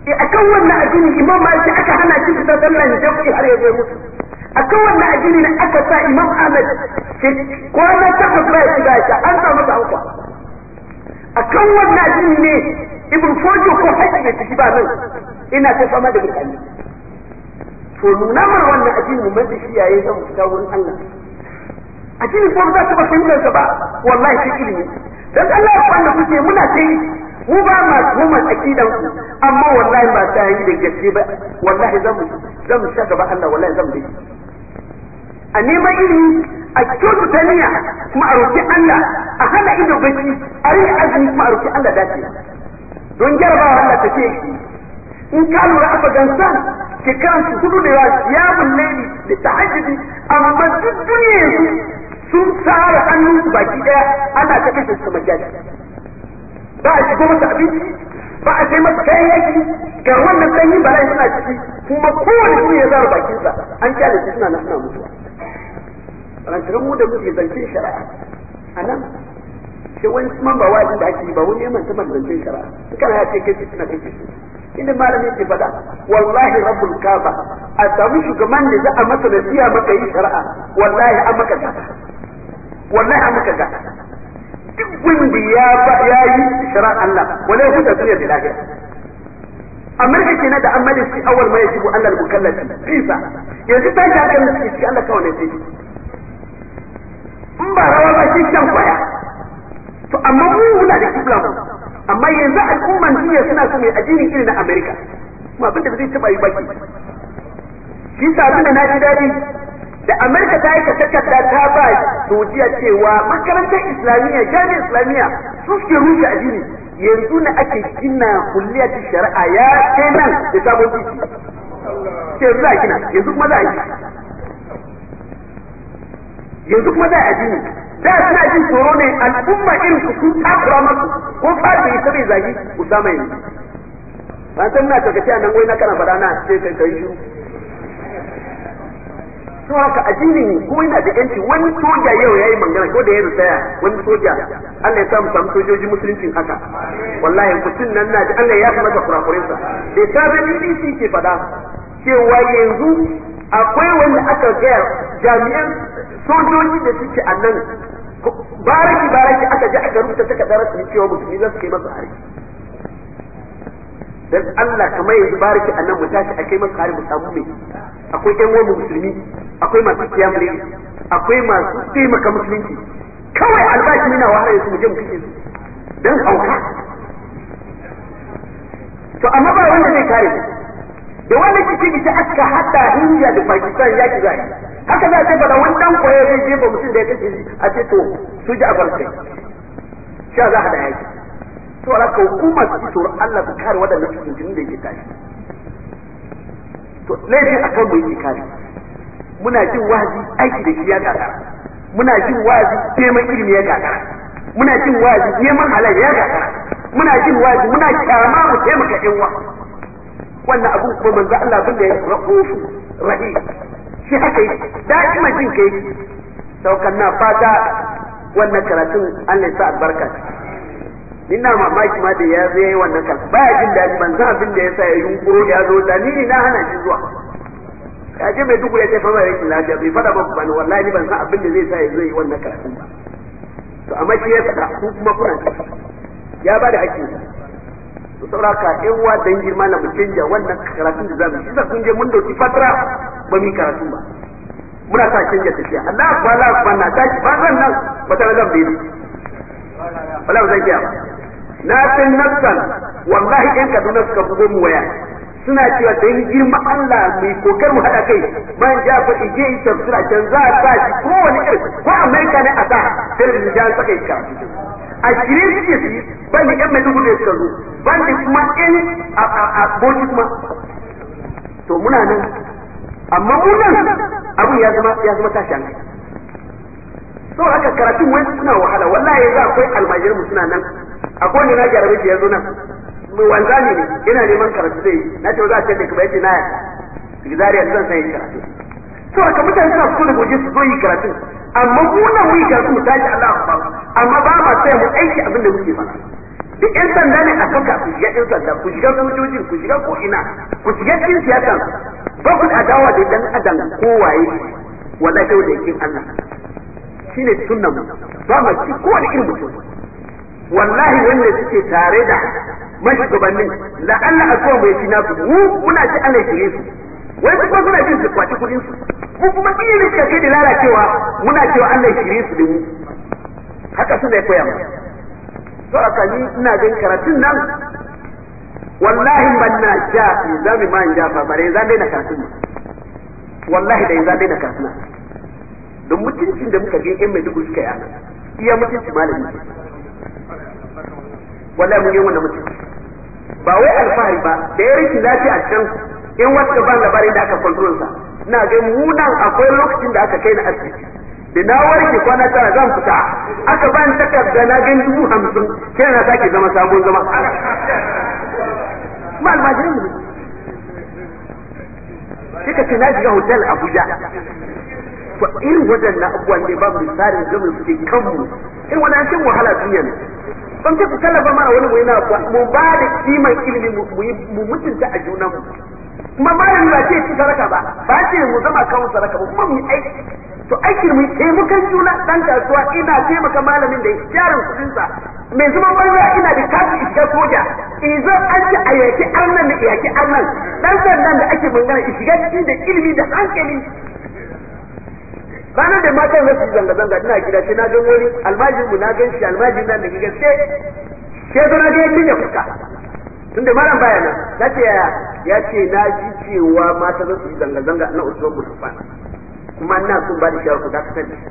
C: eh, a kan wannan addini Imam Malik aka hana shi fita sallah ne da har ya zo mutu a kan wannan addini ne aka sa Imam Ahmad ko na takwas ba ya shiga an samu ta hauka a kan wannan jini ne ibn fojo ko haƙi ne tafi ba nan ina ta fama da mutane to nuna mar wannan ajin mu mai shi yayin zan fita wurin Allah ajin ko za ta ba fahimtar sa ba wallahi shi ilimi dan Allah ya kwanda kuke muna sai mu ba ma tuhumar akidan ku amma wallahi ba ta yi da gaske ba wallahi zan zan shaka ba Allah wallahi zan bi a neman ilimi a cikin niyya kuma a roƙi Allah a hana ido bacci a yi azumi kuma a roƙi Allah dace don jarabawa Allah ta ce in ka lura aka gansa kan su hudu da ya siyamun laili da tahajjudi amma duk duniya sun tsara hannun su baki daya ana ta kashe su majaji ba a shigo masa abinci ba a sai masa kayan yaki ga wannan ba bala'i suna ciki kuma kowane su ya zara bakinsa an kyale shi suna na suna mutuwa rantaran mu da muke zancen shari'a a nan shi wani kuma ba wa'azi da ake yi ba wani yaman ta manzancin shara kana ya ce kai fitina kai fitina inda malamin ke faɗa wallahi rabbul kaba a samu shugaban da za a masa nasiya maka yi shari'a wallahi an maka gata wallahi an maka gata duk wanda ya ba ya yi shari'a Allah ya huta duniya da lafiya Amerika ke na da amalin shi awal mai jibu Allah al-mukallafi fisa yanzu ta ga kan shi Allah kawai ne sai in ba rawa ba shi shan kwaya to amma mu wula da islam amma yanzu al'umman duniya suna so mai addini irin na america kuma abin da zai taba yi baki shi sa abin da na ji da america ta yi takarda ta ba dojiya cewa makarantar islamiyya jami'ar islamiyya su suke rushe addini yanzu na ake gina kulliyar shari'a ya kai nan da sabon titi yanzu za a gina yanzu kuma za a gina. yanzu kuma za a ji addini da suna jin tsoro ne al'umma irin su sun takura masu ko fata yi sabai zagi usama ba ban san na tarkace a nan wai na kana faɗa na sai kan kai shi to haka ne ko yana da yanci wani soja yau yayi mangana ko da ya tsaya wani soja Allah ya sa mu samu sojoji musulunci haka wallahi mutum nan na ji Allah ya masa kurakurinsa da sabon BBC ke faɗa cewa yanzu akwai wanda aka ga jami'an sojoji da suke a nan baraki baraki aka ji aka rubuta takardar su cewa musulmi za su kai masa hari dan Allah kamar yanzu baraki a nan mu tashi a kai masa hari mu samu mai akwai ƴan uwan musulmi akwai masu kiyamre akwai masu taimaka musulunci kawai albashi na wahala yanzu mu je mu kike su dan hauka to amma ba wanda zai kare da wani kici ta aska hatta hindiya da Pakistan ya ki zai haka za ta bada wannan koyo zai jefa mutum da ya kace a ce to su ji abar kai sha za hada yaki to ka hukuma su tsoro Allah su kare wadanda cikin jinin da yake tashi to laifin akan mu yake kare muna jin wazi aiki da shi ya gagara muna jin wazi neman ilimi ya gagara muna jin wazi neman halal ya gagara muna jin wazi muna kyama mu taimaka yan uwa wannan abun kuma manzo Allah bin da ya rahufu rahim shi haka yi da'iman jin kai saukan na fata wannan karatun Allah ya sa albarka ina mamaki ma da ya zo yayi wannan kan baya jin dadi manzo abin da ya sa ya yunkuro ya zo da ni na hana shi zuwa ya je mai duk ya ce fa bai rashin lafiya bai fada ba bani wallahi ni ban san abin da zai sa ya zo yi wannan karatun ba to amma shi ya faɗa ku kuma kuna ya ba da hakki to sauraka ka yan wa dan girma na mu canja wannan karatun da zamu shi kun je mun dauki fatara ba mu karatu ba muna sa canja tafiya Allah ba la ba na ta ba zan nan ba ta zan bi ba zai kiya na tin nafsan wallahi in kaduna suka bugo mu waya suna cewa da yin girma Allah mai kokar mu haɗa kai ban ja fa ije tafsira can za ta ko wani irin ko Amerika ne a ta sai da jan sakai karatu ashirin suke su yi ban da ƴan maiduguri da suka zo ban da kuma a aboki kuma to muna nan amma nan abu ya zama ya zama tashi an so haka karatun wai suna wahala wallahi yanzu akwai almajirin mu suna nan akwai ne na jarabe da yanzu nan mu wanda ne ina neman karatu zai na ce za a tafi kuma yace na ya zariya zan sai karatu to haka mutane suna so da goje su zo yi karatu amma mu nan mu ga su da ji Allah ba amma ba ma sai mu aiki abin da muke ba. duk yan sanda ne a kanka ku shiga yan sanda ku shiga sojojin ku shiga ko ina ku shiga cikin siyasa ba ku da adawa da dan adam kowaye wala sai da kin Allah shine sunnan mu ba ma ci kowane irin mutum wallahi wanda suke tare da gabanin, la'alla a kowa mai shi nasu mu muna ci Allah ya su wai su kuma suna jin su kwaci kudin su ko kuma irin karshe da lalacewa muna cewa Allah ya shirye su da mu haka su zai koya mu to aka ni ina gan karatun nan wallahi ban na ja ni zami ma in ja fa bare zan daina karatun wallahi da za daina karatun don mutuncin da muka je in mai dubu suka yana iya mutunci malami wallahi mun yi wannan mutunci ba wai alfahari ba da ya rikin lafiya a can in wata ban labarin da aka control sa ina ga mu akwai lokacin da aka kai na asibiti da na warke kwana tara zan fita aka ban takarda na gan dubu hamsin kai na sake zama sabon zama ma almajirin ne kika ce na shiga hotel Abuja to irin waɗannan abubuwan ne babu misalin zumin suke kanmu irin wannan cin wahala duniya ne ban ce ku tallafa mana wani wani na mu ba da kiman ilimi mu mutunta a junanmu kuma malami ba ce ci sadaka ba ba ce mu zama kawo sadaka ba kuma mu aiki to aikin mu taimakon juna dan kasuwa ina taimaka malamin da yaron kudin sa mai zuma banza ina da kafi iska soja izo eh, an ci a yaki arnan da yaki annan dan sandan da ake magana shiga cikin da ilimi da hankali ranar da matan sun zanga zanga ina gida sai na ga wani almajin mu na gan shi almajin nan da gaske sai zo na ga yadda fuska tunda mara baya ta ce yaya ya ce na ji cewa mata za su yi zanga-zanga na usman burfan kuma na sun ba da shawar ku dakatar sani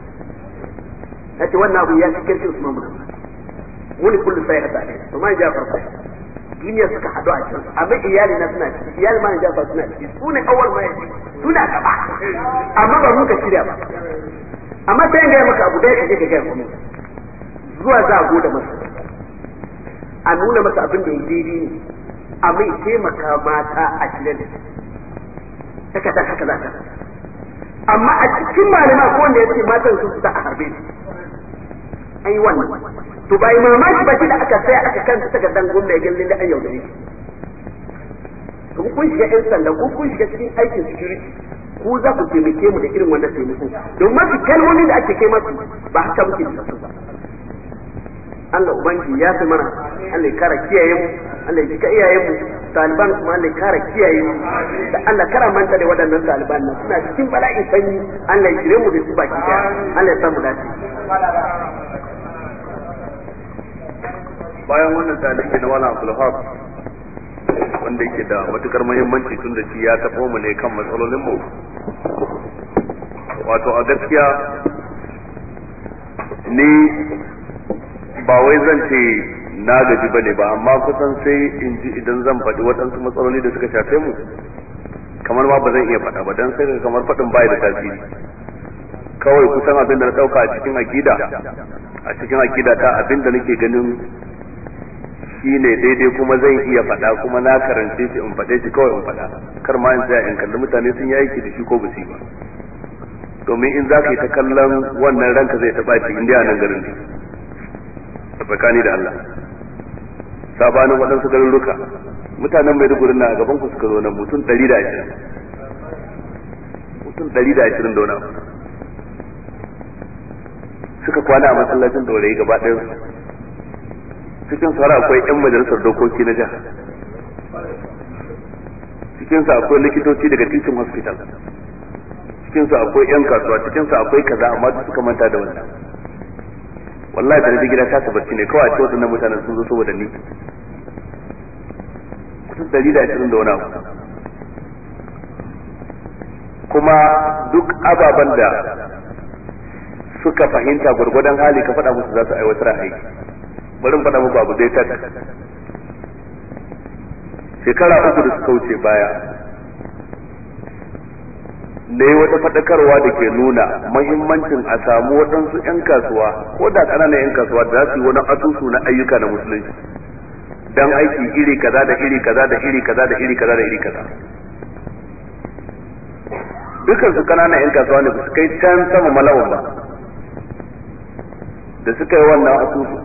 C: ta ce wannan abu ya cikin kirkin usman burfan wani kullum sai hada ne to ma jafar ku duniya suka haɗu a cikin amma iyali na suna ciki iyali ma jafar suna ciki su ne awal ma yake suna gaba amma ba muka shirya ba amma sai ga maka abu dai kaje ka gaya kuma zuwa za a gode masa a nuna masa abin da ya daidai ne a mai taimaka mata a shirin ta kaza haka za ta amma a cikin malama ko wanda ya ce matan su su ta a harbe su an yi wannan to bai mamaki ba da aka sai aka kanta ta gadan gumma ya gillin da an yaudare shi to kun shiga yan sanda ko kun shiga cikin aikin security ku za ku taimake mu da irin wannan taimako don mafi kalmomin da ake kai masu ba haka muke da su ba Allah ubangi ya fi mana Allah ya kara kiyaye mu Allah ya kika iyaye mu taliban kuma Allah ya kara kiyaye mu da Allah kara manta da waɗannan taliban nan suna cikin bala'in sanyi Allah ya kire mu da su baki daya Allah ya samu dace
A: bayan wannan taliki na wala Abdul wanda yake da matukar muhimmanci tun da shi ya taɓo mu ne kan matsalolin mu wato a gaskiya ni ba wai zan ce na gaji bane ba amma kusan sai in ji idan zan faɗi waɗansu matsaloli da suka shafe mu kamar ma ba zan iya faɗa ba dan sai kamar faɗin bai da tasiri kawai kusan abin da na ɗauka a cikin akida a cikin akida ta abin da nake ganin shi ne daidai kuma zan iya faɗa kuma na karance shi in faɗe shi kawai in faɗa kar ma in tsaya in kalli mutane sun yi aiki da shi ko ba ba domin in za ka yi ta kallon wannan ranka zai taɓa ci a nan garin ne tsakani da Allah sabanin waɗansu ruka mutanen Maiduguri na a gaban ku suka zo na mutum 120 mutum 120 da wani suka kwana a masallacin dorayi gaba ɗaya cikin su har akwai 'yan majalisar dokoki na jihar cikin sa akwai likitoci daga titin hospital cikin sa akwai 'yan kasuwa cikin sa akwai kaza amma suka manta da wannan wallahi da rabi gida ta tabbaci ne kawai ce waɗannan mutanen sun zo saboda ni kusan dari da ashirin da wani abu kuma duk ababen da suka fahimta gwargwadon hali ka faɗa musu za su aiwatar aiki bari faɗa muku abu dai tak shekara uku da suka wuce baya na yi wata fadakarwa da ke nuna mahimmancin a samu waɗansu 'yan kasuwa ko da ƙananan 'yan kasuwa da za su yi wani asusu na ayyuka na musulunci don aiki iri kaza da iri kaza da iri kaza da iri kaza da iri kaza dukan su ƙananan 'yan kasuwa ne su kai can sama malawan ba da suka yi wannan asusu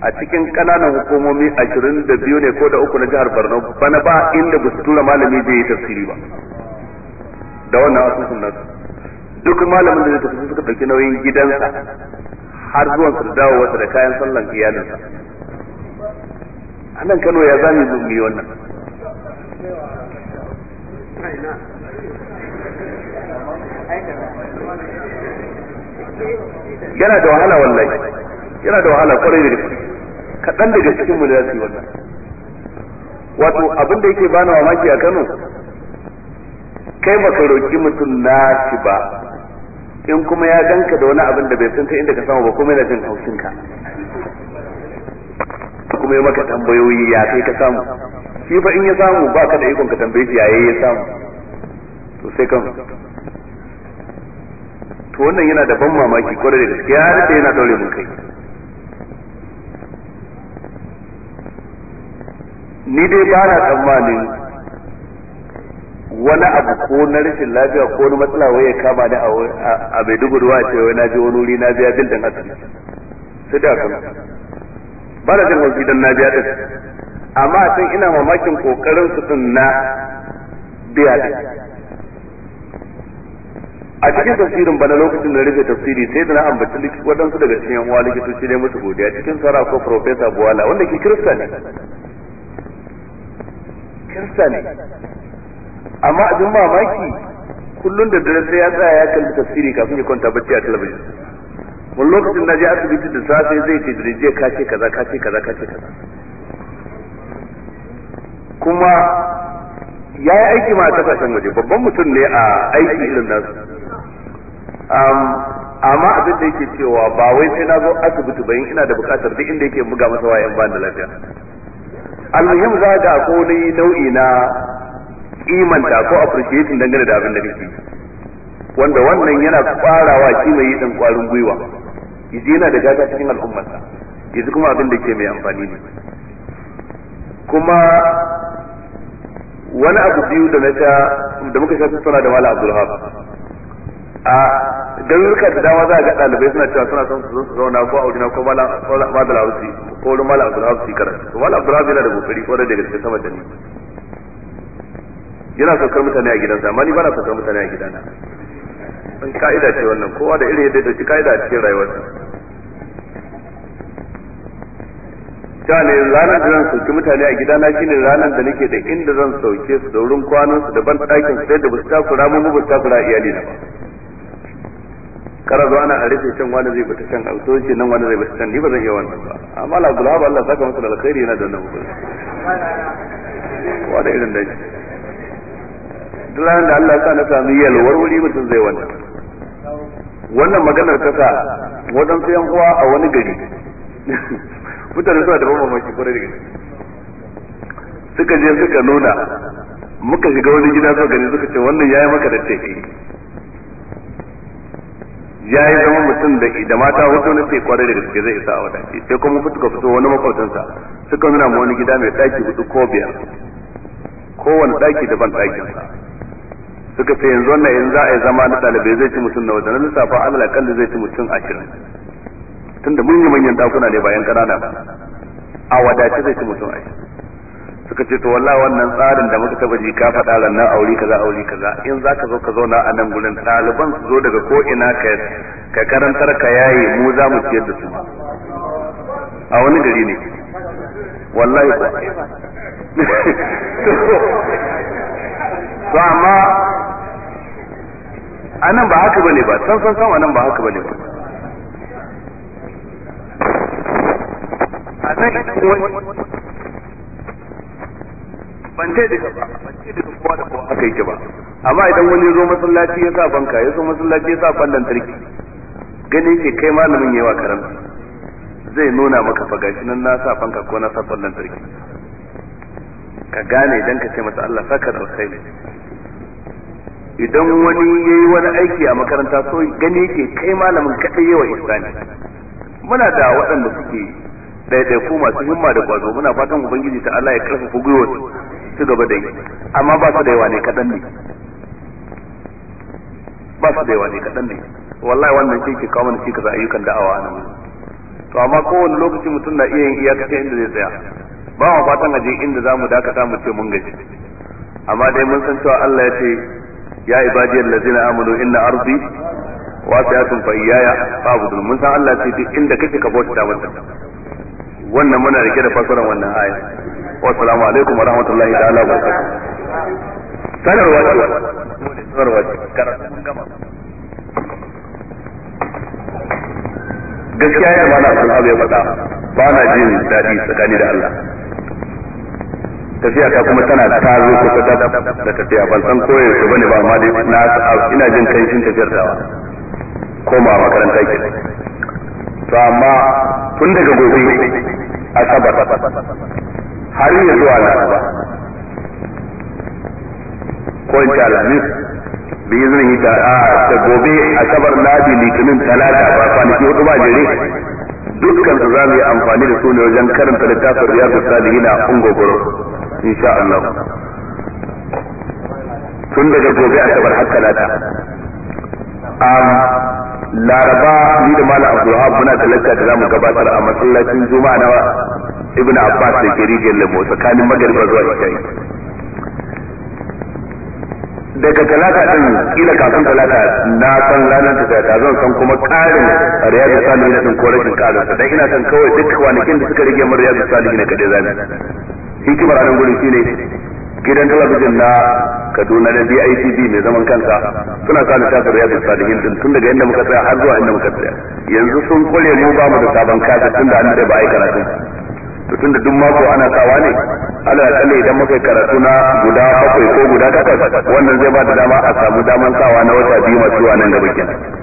A: a cikin ƙananan hukumomi ashirin da biyu ne ko da uku na jihar Borno bana ba inda ba su tura malami zai yi tafsiri ba da wannan asusun nasu duk malamin da zai fi suka ɗauki nauyin gidansa har zuwan su dawo wata da kayan sallan iyalinsa anan kano ya zami zumbi wannan yana da wahala wallahi yana da wahala kwarai da gaske kaɗan daga cikin mu da za su yi wannan wato abin da yake bana maki a Kano kai baka roki mutum nashi ba in kuma ya ganka da wani abin da bai san ta inda ka samu ba kuma yana jin haushin ka kuma ya maka tambayoyi ya kai ka samu shi fa in ya samu ba ka da ikon ka tambaye shi yayi ya samu to sai kan to wannan yana da ban mamaki kwarai da gaskiya har da yana daure mun kai ni dai ba na tsammanin wani abu ko na rashin lafiya ko wani matsala waye kama ni a bai dubuwa ce wai na ji wani wuri na biya bil dan asibiti sai da kan ba da jin wanki dan na biya din amma a can ina mamakin kokarin su din na biya din a cikin tafsirin bana lokacin da rufe tafsiri sai da na ambaci waɗansu daga cikin yan uwa likitoci ne musu godiya cikin sara ko profesa buwala wanda ke kirista ne kirista ne amma abin mamaki kullum da dare sai ya tsaya ya kalli tafsiri kafin ya kwanta bacci a talabijin wani lokacin na je asibiti da safe zai ce dirije ka ce kaza ka kaza ka kaza kuma ya yi aiki ma a kasashen waje babban mutum ne a aiki irin nasu amma abin da yake cewa ba wai sai na zo asibiti ba ina da bukatar duk inda yake buga masa wayan ba da lafiya almuhim za ga ko nau'i na da ko appreciation dangane da abin da kake wanda wannan yana kwarawa shi mai yi dan kwarin gwiwa yaje yana da gata cikin al'ummarsa yaje kuma abin da ke mai amfani ne kuma wani abu biyu da naka da muka shafi suna da mala abdulhab a garuruka da dama za a ga ɗalibai suna cewa suna son su zo su zauna ko aurina ko malam ko malam ko malam abdulhab su karatu to abdul abdulhab yana da kokari ko da cikin sama da ni yana saukar mutane a gidansa amma ni ba na saukar mutane a gidana an ka'ida ce wannan kowa da irin yadda ya dauki ka'ida a cikin rayuwarsa ta ne ranar da zan sauki mutane a gidana shine ranar da nake da inda zan sauke su da wurin kwanan su da ban ɗakin su da busta su ramu mu busta su iyali na ba kara zuwa ana a rufe can wani zai bata can a soce nan wani zai bata can ni ba zan iya wannan ba amma la gulaba Allah saka masa alkhairi yana da nan ba wa da irin daji ranar da Allah sa na sami yalwar wuri mutum zai wannan wannan maganar ta sa waɗansu yan uwa a wani gari mutane suna da mamaki kwarai da suka je suka nuna muka shiga wani gida suka gani suka ce wannan yayi maka da tafi ya yi zama mutum da da mata wato na sai kwarai da gaske zai isa a wadace sai kuma fuska fito wani makwabtansa suka nuna mu wani gida mai daki hudu ko biyar kowane daki daban daki. suka ce yanzu wannan in za a yi zama na ɗalibai zai ci mutum na wajen na lissafa alal kalli zai ci mutum ashirin tunda yi manyan dakuna ne bayan ƙanana ba a wadace zai ci mutum ashirin suka ce to wallahi wannan tsarin da muka taba ji ka faɗa nan aure kaza aure kaza in za ka zo ka zauna a nan gurin ɗaliban su zo daga ko ina ka ka karantar ka yayi mu za mu ciyar da su a wani gari ne wallahi to amma anan ba haka bane ba san san san anan ba haka bane ba ban ce ba ban ce duka kowa da kowa haka yake ba amma idan wani zo masallaci ya sa banka ya zo masallaci ya sa fallan tarki gani ke kai malamin yawa karanta zai nuna maka fa nan na sa banka ko na sa fallan tarki ka gane idan ka ce masa Allah saka da alkhairi idan wani yayi wani aiki a makaranta so gani yake kai malamin kadai yawa ihsani muna da waɗanda suke ɗaiɗaiku masu himma da kwazo muna fatan ubangiji ta Allah ya karfafa gwiwar su gaba da yi amma ba su da yawa ne kaɗan ne ba su da yawa ne kaɗan ne wallahi wannan shi ke kawo mana shi kaza ayyukan da'awa nan to amma kowane lokaci mutum na iya yin iyakacin inda zai tsaya ba mu fatan aje inda za mu dakata mu ce mun gaji amma dai mun san cewa Allah ya ce ya ibadi allazina amanu inna ardi wasi'atun fa iyaya fa'budun mun san Allah ce duk inda kake ka bauta masa wannan muna rike da fasaran wannan aya assalamu alaikum wa rahmatullahi ta'ala wa barakatuh sanarwa ce sanarwa ce karatu mun gama gaskiya ya mana sun abu ya faɗa ba na jin daɗi tsakani da Allah
B: tafiya ta kuma tana ta zo kusa da tafiya ban san koyar su bane ba amma dai na ina jin kai sun tafiyar tawa koma makaranta ke to amma tun daga gobe
A: asabar har yi zuwa laraba ko in ta alamis bi izinin ta a ta gobe asabar ladi litinin talata ba kwanaki hudu ba jere dukkan su za mu yi amfani da su ne wajen karanta littafin riyadu salihina ungogoro insha Allah tun daga gobe a tabar haka lada laraba ni da mala abdulhab
B: muna talaka da zamu gabatar a masallacin juma'a na
C: ibnu abbas da ke rijiyar lemo tsakanin magariba zuwa isha'i daga talata
A: din kila kafin talata na san ranar ta ta zan san kuma karin riyadu salihin din ko rashin karin sa dan ina san kawai duk kwanakin da suka rige min riyadu salihin kadai zamu hikimar anan gurin shine gidan talabijin na Kaduna da BITB mai zaman kansa suna sa ni tasar riyadu salihin din tun daga inda muka tsaya har zuwa inda muka tsaya yanzu sun kulle mu ba mu da sabon kaza tun da an da ba ai karatu to tun da duk mako ana sawa ne ala kalle idan muka karatu na guda bakwai ko guda takwas wannan zai ba da dama a samu daman sawa na wata biyu masu zuwa nan gaba kenan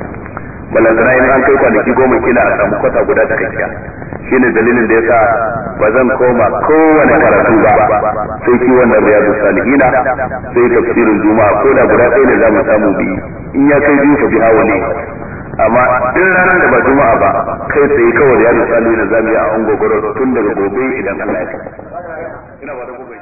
A: balantana in an kai kwanaki goma kila a samu kwata guda da kakkiya shi ne dalilin da ya sa ba zan koma kowane karatu ba sai shi wannan da salihina sai tafsirin juma'a ko da guda ɗaya ne za mu samu biyu in ya kai biyu ka bi hawa ne
B: amma in ranar da ba juma'a ba
A: kai tsaye kawai riyadu
D: salihina za mu yi a ungogoro tun daga gobe idan ka yi.